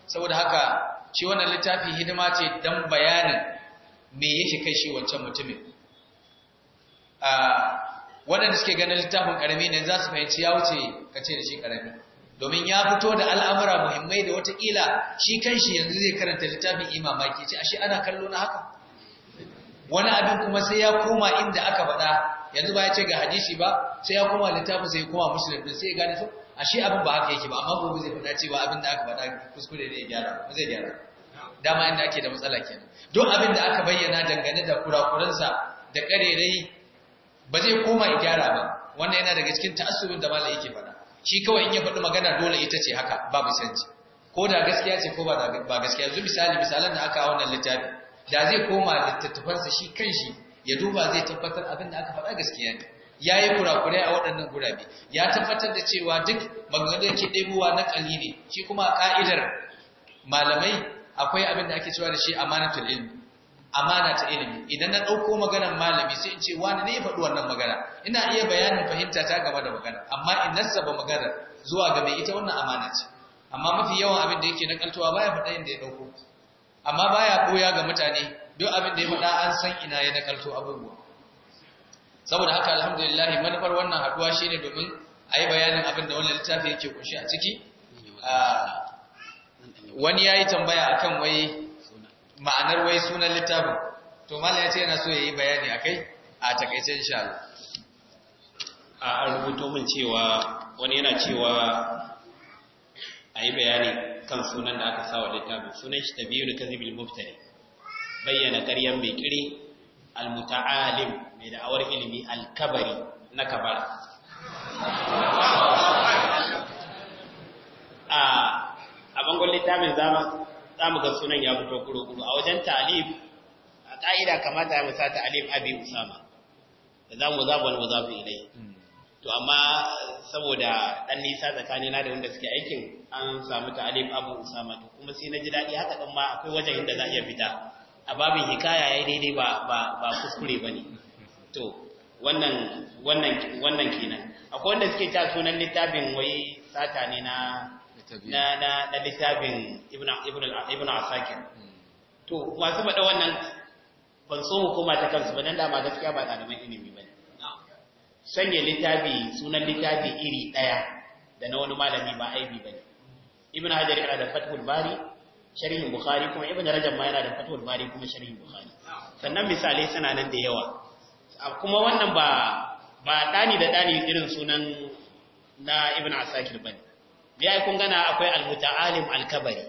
saboda haka ce wannan littafi hidima ce dan bayanin me yake kai shi wancan mutumin waɗanda suke ganin littafin ƙarami ne za su fahimci ya wuce kace da shi ƙarami domin ya fito da al'amura muhimmai da watakila shi kanshi yanzu zai karanta littafin imamaki ce ashe ana kallo na haka wani abin kuma sai ya koma inda aka faɗa yanzu ba ya ce ga hadisi ba sai ya koma littafin sai ya koma musulun din sai ya gane to ashe abin ba haka yake ba amma gobe zai faɗa cewa abin da aka faɗa kuskure ne ya gyara ba zai gyara dama inda ake da matsala ke. don abin da aka bayyana dangane da kurakuransa da karerai ba zai koma ya gyara ba wannan yana daga cikin ta'assubin da malai yake faɗa shi kawai in ya faɗi magana dole ita ce haka babu sanci ko da gaskiya ce ko ba gaskiya yanzu misali misalan da aka wannan littafi da zai koma littattafansa shi kanshi ya duba zai tabbatar abin da aka faɗa gaskiya ne ya yi kurakurai a waɗannan gurabe ya tabbatar da cewa duk maganganun da ke ɗebowa na ƙali ne shi kuma a ƙa'idar malamai akwai abin da ake cewa da shi amanatul ilmi amana ta ilimi idan na ɗauko maganar malami sai in ce wani ne faɗi wannan magana ina iya bayanin fahimta ta game da magana amma in nasaba magana zuwa ga mai ita wannan amana ce amma mafi yawan abin da yake na kaltuwa baya faɗa inda ya dauko amma baya koya ga mutane duk abin da ya faɗa an san ina ya na kalto abubuwa saboda haka alhamdulillah manufar wannan haɗuwa shine domin a yi bayanin abin da wannan littafi yake kunshi a ciki ah, wani ya yi tambaya a kan wai ma'anar wai sunan littafin to mala ya ce yana so ya yi bayani a kai a takaice insha a rubuto min cewa wani yana cewa a yi bayani kan sunan da aka sawa littafin sunan shi tabiyu da kazibil muftari bayyana karyan mai kiri almuta'alim mai da'awar ilimi alkabari na kabara bangon littafin za mu ga sunan ya fito kuro-kuro a wajen ta'alif a ƙa'ida kamata ya musa ta'alif abi usama da za mu zaɓa wani muzafi ilai to amma saboda ɗan nisa tsakani na da wanda suke aikin an samu ta'alif abu usama to kuma sai na ji daɗi haka ɗan ma akwai wajen inda za a iya fita a babin hikaya ya daidai ba ba kuskure ba ne to wannan wannan kenan akwai wanda suke ta sunan littafin wai sata ne na na na na littafin ibn ibn asakir to masu faɗa wannan ban so mu ta kansu ba dan da ma gaskiya ba ɗaliban ilimi bane sanya littafi sunan littafi iri ɗaya da na wani malami ba aibi bane ibn hajar yana da fathul bari sharhin bukhari kuma ibn rajab ma yana da fathul bari kuma sharhin bukhari sannan misalai suna nan da yawa kuma wannan ba ba dani da ɗani irin sunan na ibn asakir bane biya kun gana akwai almuta'alim alkabari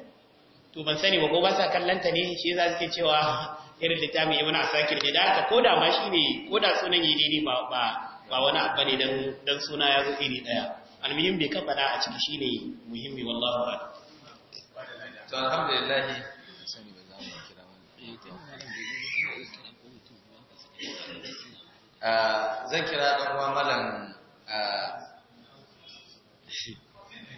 to ban sani ba ko ba sa kallanta ne shi za suke cewa irin litami ibn asakir ne da haka koda ma shi ne koda sunan yi ne ba ba ba wani abu ne dan dan suna ya zo iri daya almuhim bai ka da a ciki shine muhimmi wallahi ba to alhamdulillah ah, zan kira dan uwa malam ah,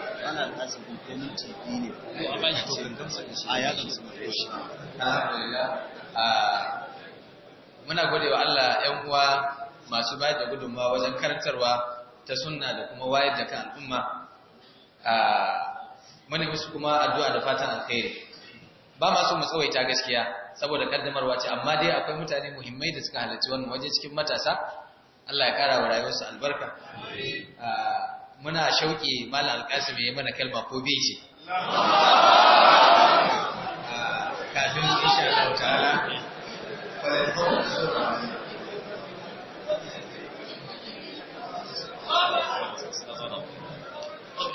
muna gode wa Allah ‘yan uwa masu bayar da gudunmawa wajen karantarwa ta sunna da kuma wayar da kan al'umma mani musu kuma addu'a da fatan alkhairi ba ma so mu tsawaita gaskiya saboda kaddamarwa ce amma dai akwai mutane muhimmai da suka halarci wannan waje cikin matasa Allah ya kara wa rayuwarsu albarka muna shauƙi malam alƙasim ya yi mana kalma ko bai ce kafin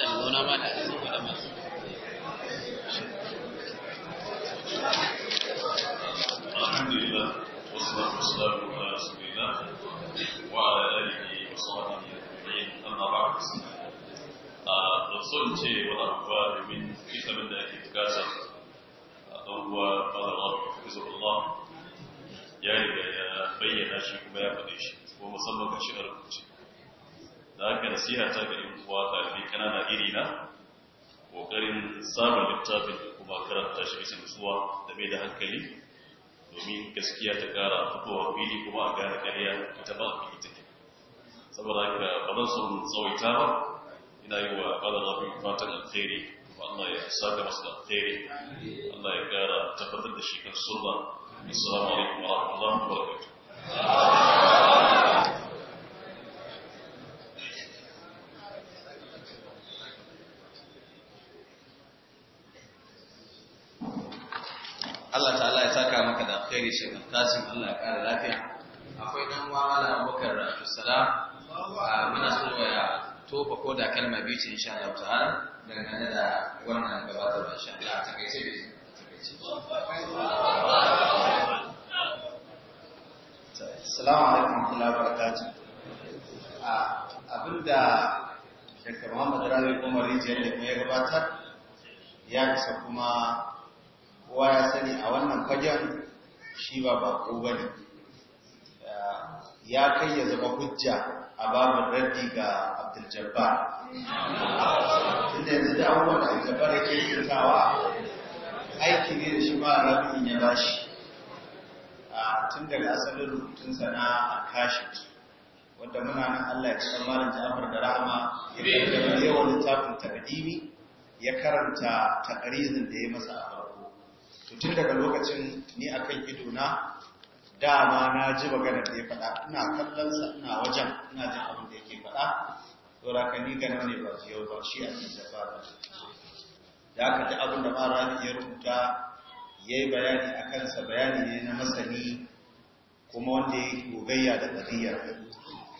Allah ta'ala وهو قال الله حفظه الله ya riga ya bayyana shi kuma ya faɗe shi kuma musamman ga shi a rubuce da haka nasiha ta ga uwa ɗalibai kanana iri na ƙoƙarin samun littafin da kuma karanta shi bisa nutsuwa da mai da hankali domin gaskiya ta ƙara fitowa fili kuma a gane ƙarya ita ba a fili take saboda haka ba zan son tsawaita ba ina yi wa ƙwararrafin fatan alkhairi Allah ya sada masa da alkhairi Allah ya kara tabbatar da shi kan sunna assalamu alaikum wa rahmatullahi wa barakatuh Allah ta'ala ya saka maka da alkhairi shi kan kasim Allah ya kara lafiya akwai dan wa mala abubakar abdussalam muna so ya tofa ko da kalma biyu ce insha Allah Daga dangane da wannan gabatar da insha Allah ta kai sai Assalamu alaikum wa barakatuh. Abinda Dr. Muhammad Rabi Umar Rijiyar da ya gabatar ya kusa kuma kowa ya sani a wannan fagen shi ba bako ba ne. Ya kai ya zama hujja a babu raddi ga Abdul Jabbar tunda yanzu da abubuwan da Abdul Jabbar ke aiki ne da shi ma rabin ya bashi tun daga asalin sana na kashi, wanda muna nan Allah ya cikin malam Ja'far da Rahama ya da yawan littafin taqdimi ya karanta takarizin da ya masa a farko to tun daga lokacin ni akan ido na dama na ji magana da ya faɗa ina kallon sa ina wajen ina jin abin da yake faɗa to ka ni ga ne ba su yau ba shi a cikin safara da aka ji abin da mara ya rubuta ya yi bayani a kansa bayani ne na masani kuma wanda ya yi gogayya da ƙadiyya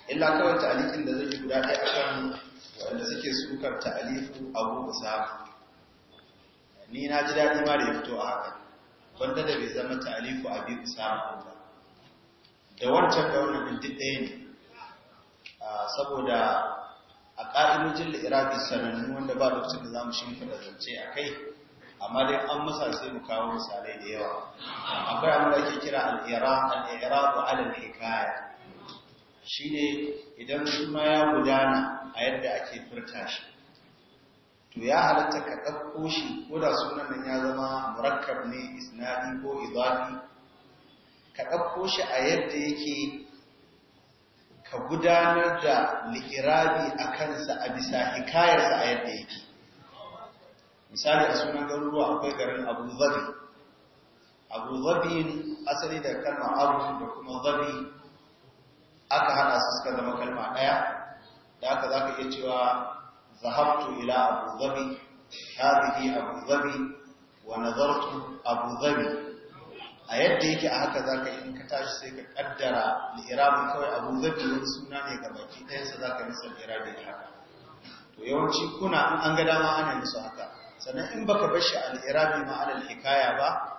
illa kawai ta'alikin da zai guda ɗaya akan wanda suke sukar ta'alifu abu usama ni na ji daɗi ma da ya fito a haka wanda da bai zama ta'alifu abi usama ba da wancan da din duk ne ah, saboda a ƙa'idojin lirabi sanannu wanda ba lokacin da za mu zance a kai amma dai an masa sai mu kawo misalai da yawa akwai abin da ake kira al'irabu alal hikaya shi ne idan suna ya gudana a yadda ake furta shi to ya halatta ka ɗauko shi ko da sunan nan ya zama murakkab ne isnadi ko izafi ka ɗauko shi a yadda yake ka gudanar da li'irabi a kansa a bisa hikayarsa a yadda yake misali a sunan garuruwa akwai garin abu zabi abu zabi asali da kalma abu da kuma zabi aka haɗa su suka zama kalma ɗaya da aka za ka iya cewa zahabtu ila abu zabi hadhihi abu zabi wa nazartu abu zabi a yadda yake a haka zaka in ka tashi sai ka kaddara li'irabin kawai abu zabi wani suna ne ga baki ɗayansa zaka nisa da haka to yawanci kuna an ga dama ana su haka sannan in baka bar shi al'irabi ma alal hikaya ba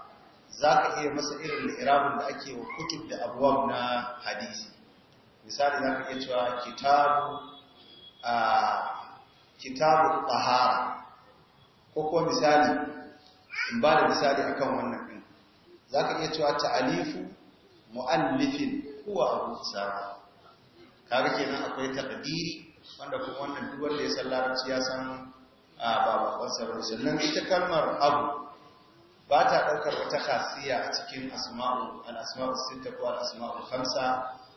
Za ka iya masa irin irabin da ake wa kutub da abuwa na hadisi misali za ka iya cewa kitabu kitabu tahara ko kuma misali in ba da misali akan wannan za ka iya cewa ta'alifu mu'allifin kuwa abu Ka kaga kenan akwai takdiri wanda kuma wannan duk da ya san larabci ya san a babban sarari sannan ita kalmar abu ba ta ɗaukar wata khasiya a cikin asma'u al-asma'u Sita, ko al-asma'u khamsa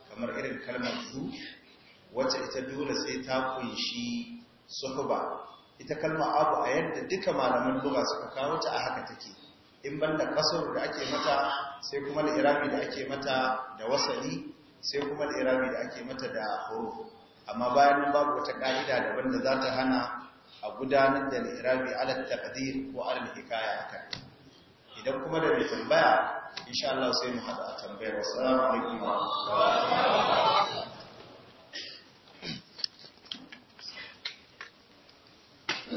kamar irin kalmar zu wacce ita dole sai ta kunshi suhba ita kalmar abu a yadda duka malaman lugha suka kawo ta a haka take in banda kasar da ake mata sai kuma al'irabi da ake mata da wasali sai kuma al'irabi da ake mata da horo amma bayan babu wata ƙa'ida daban da za ta hana a gudanar da al'irabi alal taqdir ko alal hikaya akan idan kuma da mai tambaya insha Allah sai mu hada a tambayar assalamu alaikum wa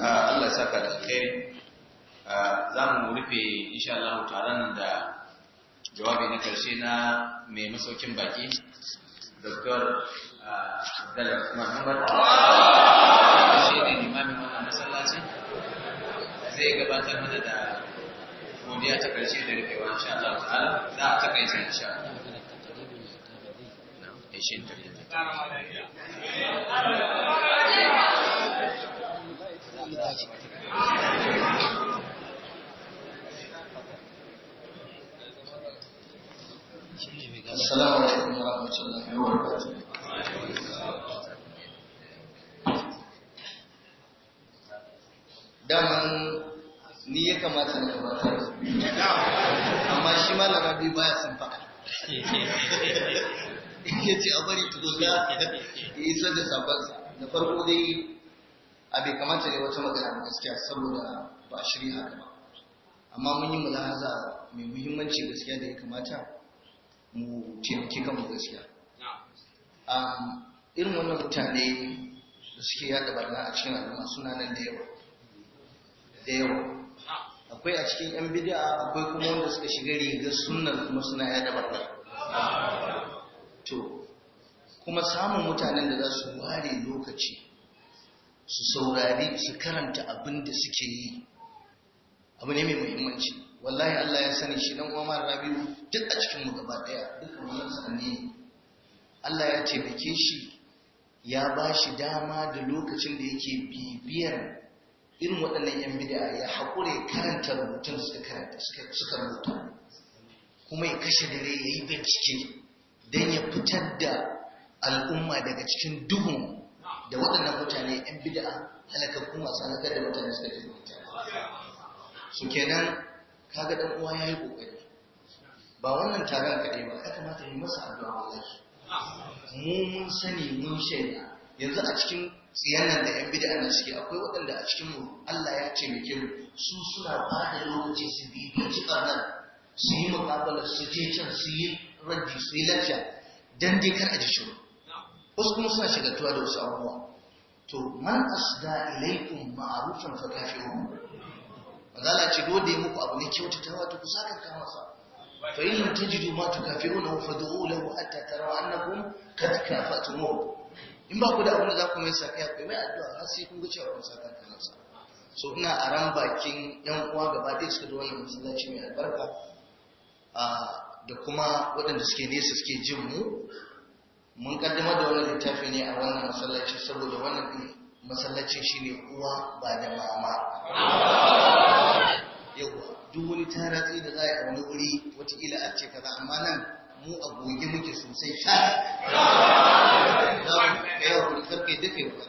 ah, Allah saka da alkhairi za mu rufe insha Allah taron nan da jawabi na karshe na mai masaukin baki Dr. Abdullah Muhammad shi ne limamin wannan masallaci zai gabatar mana da godiya ta karshe da rufewa insha Allah ta'ala za a takaice insha Allah. Assalamu alaikum. kamata na gabatar amma shi malama ba baya son faɗa ya ce a bari tukunna ya yi sojin sabansa da farko dai a bai kamata ne wata magana da gaskiya saboda ba a shirya haka ba amma mun yi mulahaza mai muhimmanci gaskiya da ya kamata mu taimaki kama gaskiya irin wannan mutane da suke yada barna a cikin al'umma suna nan da yawa da yawa akwai a cikin yan bid'a akwai kuma wanda suka shiga rigar sunnan kuma suna ya to kuma samun mutanen da za su ware lokaci su saurari su karanta abin da suke yi abu ne mai muhimmanci wallahi Allah ya sani shi dan Umar Rabiu duk a cikin mu gaba daya dukkan wannan sani Allah ya taimake shi ya ba shi dama da lokacin da yake bibiyar irin waɗannan yan bid'a ya haƙure karanta rubutun suka karanta suka rubuta kuma ya kashe dare ya yi bincike don ya fitar da al'umma daga cikin duhun da waɗannan mutane yan bid'a halakakku masu halakar da mutane suka mutane su kenan kaga dan uwa ya yi ƙoƙari ba wannan taron kaɗai ba ya kamata yi masa addu'a wallahi mu mun sani mun shaida yanzu a cikin tsiyan da ‘yan bid'a nan suke akwai waɗanda a cikin mu Allah ya ce mai su suna ba da lokaci su bibiyanci ɓarnar su yi muƙabalar su je can su yi raddi su yi lafiya don dai kar a ji shiru wasu kuma suna shagaltuwa da wasu abubuwa to man asda ilaikum ma'rufan fa kafiru Allah ce gode muku abu ne kyautatawa to ku saka ka masa fa in tajidu ma tukafiruna fa du'u lahu hatta taraw annakum kad kafatumu in ba ku da abin da za ku mai safiya, akwai mai addu'a har sai kun ga cewa kun saka nasa so ina a ran bakin yan uwa gaba ɗaya suka zo wannan masallaci mai albarka da kuma waɗanda suke nesa suke jin mu mun kaddamar da wannan littafi ne a wannan masallaci saboda wannan masallacin shine uwa ba da mama Yau, duk wani taratsi da za a yi a wani wuri wataƙila a ce kaza amma nan mu a goge muke sosai sha za mu kai wa kuri karkai duka yau duk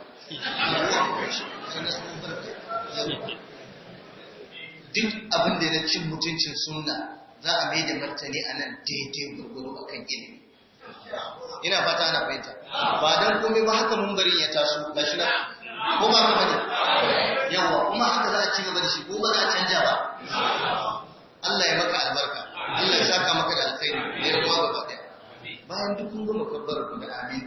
abin da na cin mutuncin suna za a mai da martani a nan daidai gurguru a kan gini. ina fata ana fahimta ba don komai ba haka bari ya taso shi na ko ba ka bane yawa kuma haka za a ci gaba da shi ko ba za a canja ba Allah ya maka albarka Allah ya saka maka da alkhairi ne rawa ba daya bayan duk kun gama kabbar da amin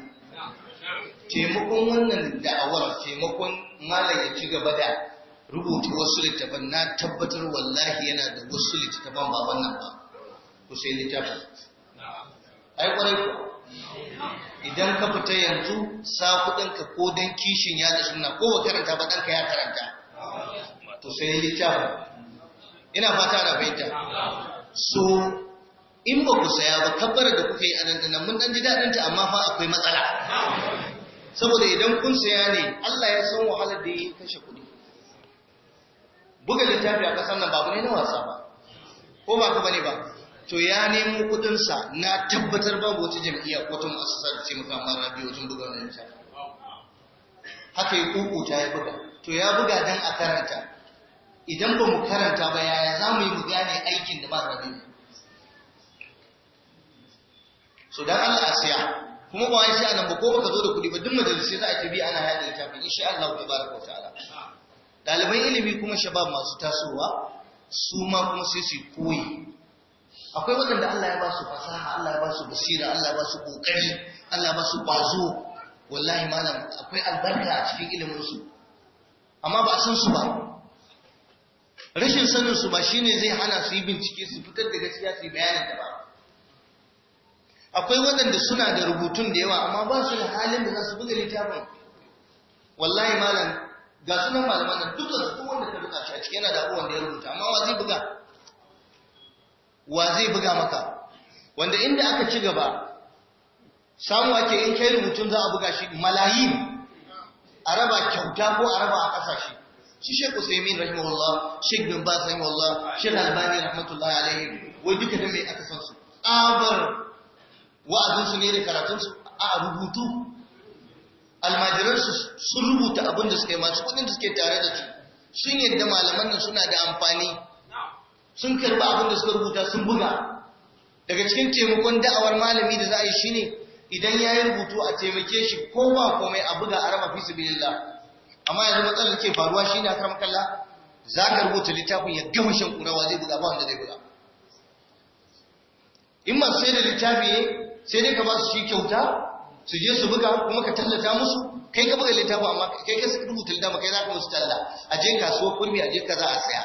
taimakon wannan da'awar taimakon malam ya ci gaba da rubuta wasu littafan na tabbatar wallahi yana da wasu littafan ba wannan ba ku sai littafin ai kwarai ku, idan ka fita yanzu sa kuɗinka ko dan kishin ya da suna ko ba karanta ba ɗanka ya karanta to sai littafin ina fata da fahimta so in ba ku saya ba tabbara da kuka yi a nan nan mun dan ji daɗin ta amma fa akwai matsala saboda idan kun saya ne Allah ya san wahalar da ya kashe kuɗi buga littafi a ƙasar nan babu ne na wasa ba ko ba ka bane ba to ya nemo kuɗinsa na tabbatar babu wata jam'iyya ko ta mu'assasa da ce muka amma rabi buga wannan littafi haka ya ta ya buga to ya buga dan a karanta idan ba mu karanta ba yaya za mu yi mu gane aikin da ba ne so dan Allah a siya kuma ba shi anan ba ko baka zo da kuɗi ba duk majalisi za a tabi ana haɗa littafin insha Allah tabaraka ta'ala Daliban ilimi kuma shabab masu tasowa su ma kuma sai su koyi akwai waɗanda Allah ya ba su fasaha Allah ya ba su basira Allah ya ba su kokari Allah ya ba su bazo wallahi malam akwai albarka a cikin ilimin su amma ba san su ba rashin sanin su ba shine zai hana su yi bincike su fitar da gaskiya su yi bayanin da ba akwai waɗanda suna da rubutun da yawa amma ba su da halin da za su buga littafin wallahi malam ga sunan malaman nan dukkan su kuma wanda ta buga shi a cikin yana da abubuwan da ya rubuta amma wa zai buga wa zai buga maka wanda inda aka ci gaba samu ake in kai rubutun za a buga shi malayin a raba kyauta ko a raba a ƙasashe shi Sheikh Usaimin rahimahullah Sheikh bin Baz rahimahullah Sheikh Albani rahmatullahi alaihim wai duka da mai aka san su abar abin su ne da karatun su a rubutu almajiran su sun rubuta abin da suka yi masu kudin da suke tare da su sun yadda malaman nan suna da amfani sun karba abin da suka rubuta sun buga daga cikin taimakon da'awar malami da za a yi shine idan ya yi rubutu a taimake shi ko ba komai a buga a raba fi sabilillah amma yanzu matsalar ke faruwa shi a akram kalla za ka rubuta littafin ya gama shan kurawa zai guda ba wanda zai guda in ma sai da littafi ne, sai dai ka ba su shi kyauta su je su buga kuma ka tallata musu kai ka buga littafin amma kai ka rubuta littafin kai za ka musu talla a je kasuwa kurmi a je ka za a saya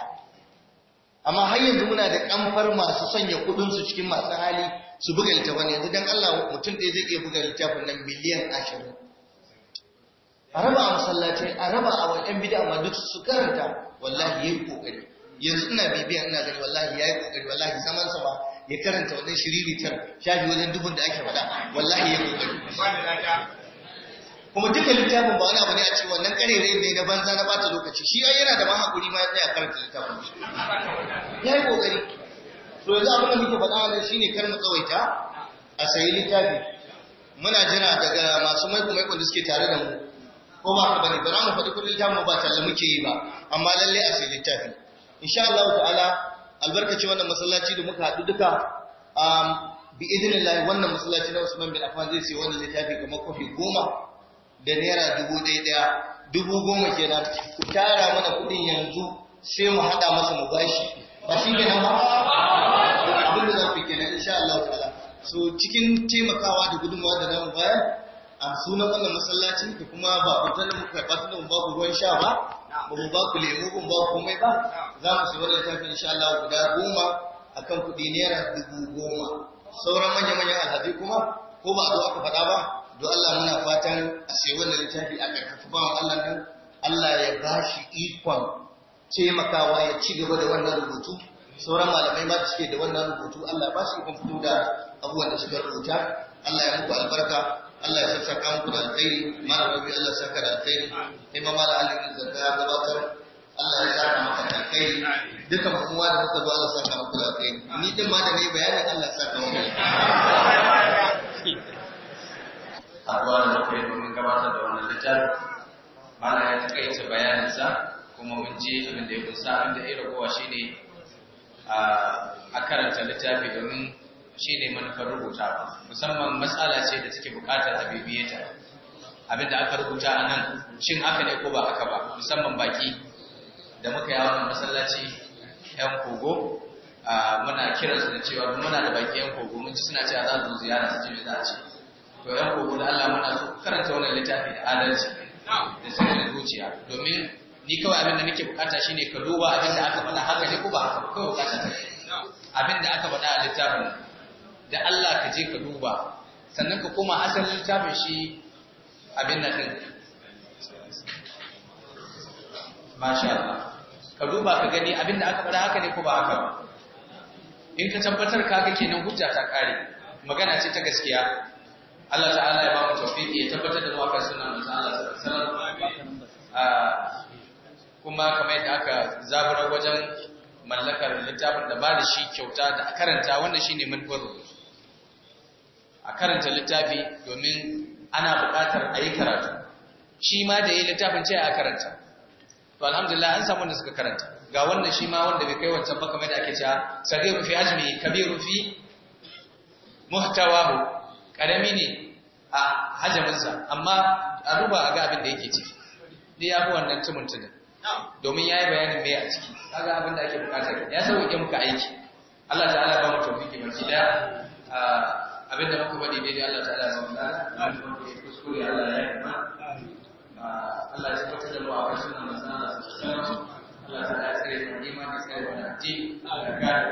amma har yanzu muna da kamfar masu sanya kudin su cikin masu hali su buga littafin yanzu don Allah mutum ɗaya zai iya buga littafin nan miliyan ashirin a raba a masallatai a raba a wajen bida amma duk su karanta wallahi ya yi kokari yanzu ina bibiya ina gani wallahi ya yi kokari wallahi zaman sa ba ya karanta wannan shiriritar shafi wajen dubun da ake faɗa wallahi ya yi kokari kuma duka littafin ba wani abu ne a ce wannan rai ne na banza na bata lokaci shi ai yana da ma hakuri ma ya tsaya karanta littafin ya yi kokari to yanzu abin da muke faɗa nan shine kar mu tsawaita a sayi littafi muna jira daga masu maiko maikon da suke tare da mu ko ba ka bari ba mu faɗi kullum jamu ba talla muke yi ba amma lalle a sai littafi insha Allah ta'ala albarkaci wannan masallaci da muka haɗu duka um bi idinillah wannan masallaci na Usman bin Affan zai sai wannan littafi kamar kofi goma da naira dubu ɗaya ɗaya dubu goma kenan ku tara mana kuɗin yanzu sai mu haɗa masa mu bashi ba shi kenan ba abin da za kenan insha Allah ta'ala so cikin taimakawa da gudunmawa da namu bayar a sunan wannan masallaci da kuma ba ku tana muku karɓa tana ba ku ruwan sha ba ba mu ba ku lemu ba ba ku komai ba za mu sayi wannan tafi insha Allah guda goma akan kuɗi naira dubu goma sauran manya-manyan alhaji kuma ko ba zo aka faɗa ba don Allah muna fatan a sayi wannan littafi a karkafa ba Allah nan Allah ya ba shi ikon taimakawa ya ci gaba da wannan rubutu sauran malamai ma suke da wannan rubutu Allah ba shi ikon fito da abubuwan da suka rubuta Allah ya muku albarka Allah ya saka muku da alkhairi malam rabi Allah saka da alkhairi kai ma malam Ali bin Zakka ya gabatar Allah ya saka maka da alkhairi dukkan kowa da muka zo Allah saka muku da alkhairi ni din ma da ne bayanin Allah saka muku Abuwa da muka domin gabatar da wannan littafin malam ya taƙaice bayaninsa kuma mun ji abin da ya kunsa abin da ya ragowa shine a karanta littafi domin shi ne manufar rubutawa musamman matsala ce da take bukatar a bibiyata abin da aka rubuta a nan shin aka ne ko ba aka ba musamman baki da muka yawon masallaci yan kogo muna su da cewa muna da baki yan kogo mun ci suna cewa za su ziyara su ce me za a ce to yan kogo da Allah muna so karanta wannan littafi da adalci da sirrin zuciya domin ni kawai abin da nake bukata shine ka duba abin da aka faɗa haka ne ko ba haka kawai bukata abin da aka faɗa a littafin da Allah ka je ka duba sannan ka koma asalin littafin shi abin nan din masha Allah ka duba ka gani abin da aka fara haka ne ko ba haka ba in ka tabbatar ka ga kenan hujja ta kare magana ce ta gaskiya Allah ta'ala ya ba mu tawfiki ya tabbatar da mu akan sunan Allah sallallahu alaihi wasallam ah, kuma kamar yadda aka zaburar wajen mallakar littafin da ba da shi kyauta da karanta wannan shine manufar a karanta littafi domin ana buƙatar a yi karatu shi ma da yi littafin ce a karanta to alhamdulillah an samu da suka karanta ga wannan shi ma wanda bai kai wancan ba kamar da ake cewa sagiru fi Ajmi, kabiru fi muhtawahu karami ne a hajjaminsa amma a duba a ga abin da yake ciki ne ya fi wannan tumun domin ya yi bayanin mai a ciki ga abin da ake buƙatar ya sauƙi muka aiki Allah ta'ala ba mu tawfiki mafi da abin da muka faɗi dai Allah ta'ala ya samu kuskure Allah ya yi Allah ya da a Allah ta'ala ya tsare tsare ji Allah ya bid'a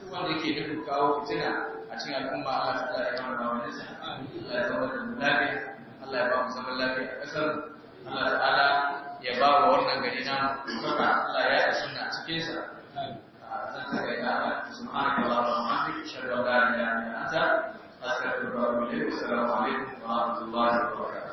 duk wanda yake kawo fitina a cikin al'umma Allah ta'ala ya kama ba Allah ya zama da mu Allah ya ba mu lafiya a ƙasar Allah ta'ala ya ba wa wannan gari na kuka Allah ya yi suna cenderungannya aja. Assalamualaikum warahmatullahi wabarakatuh.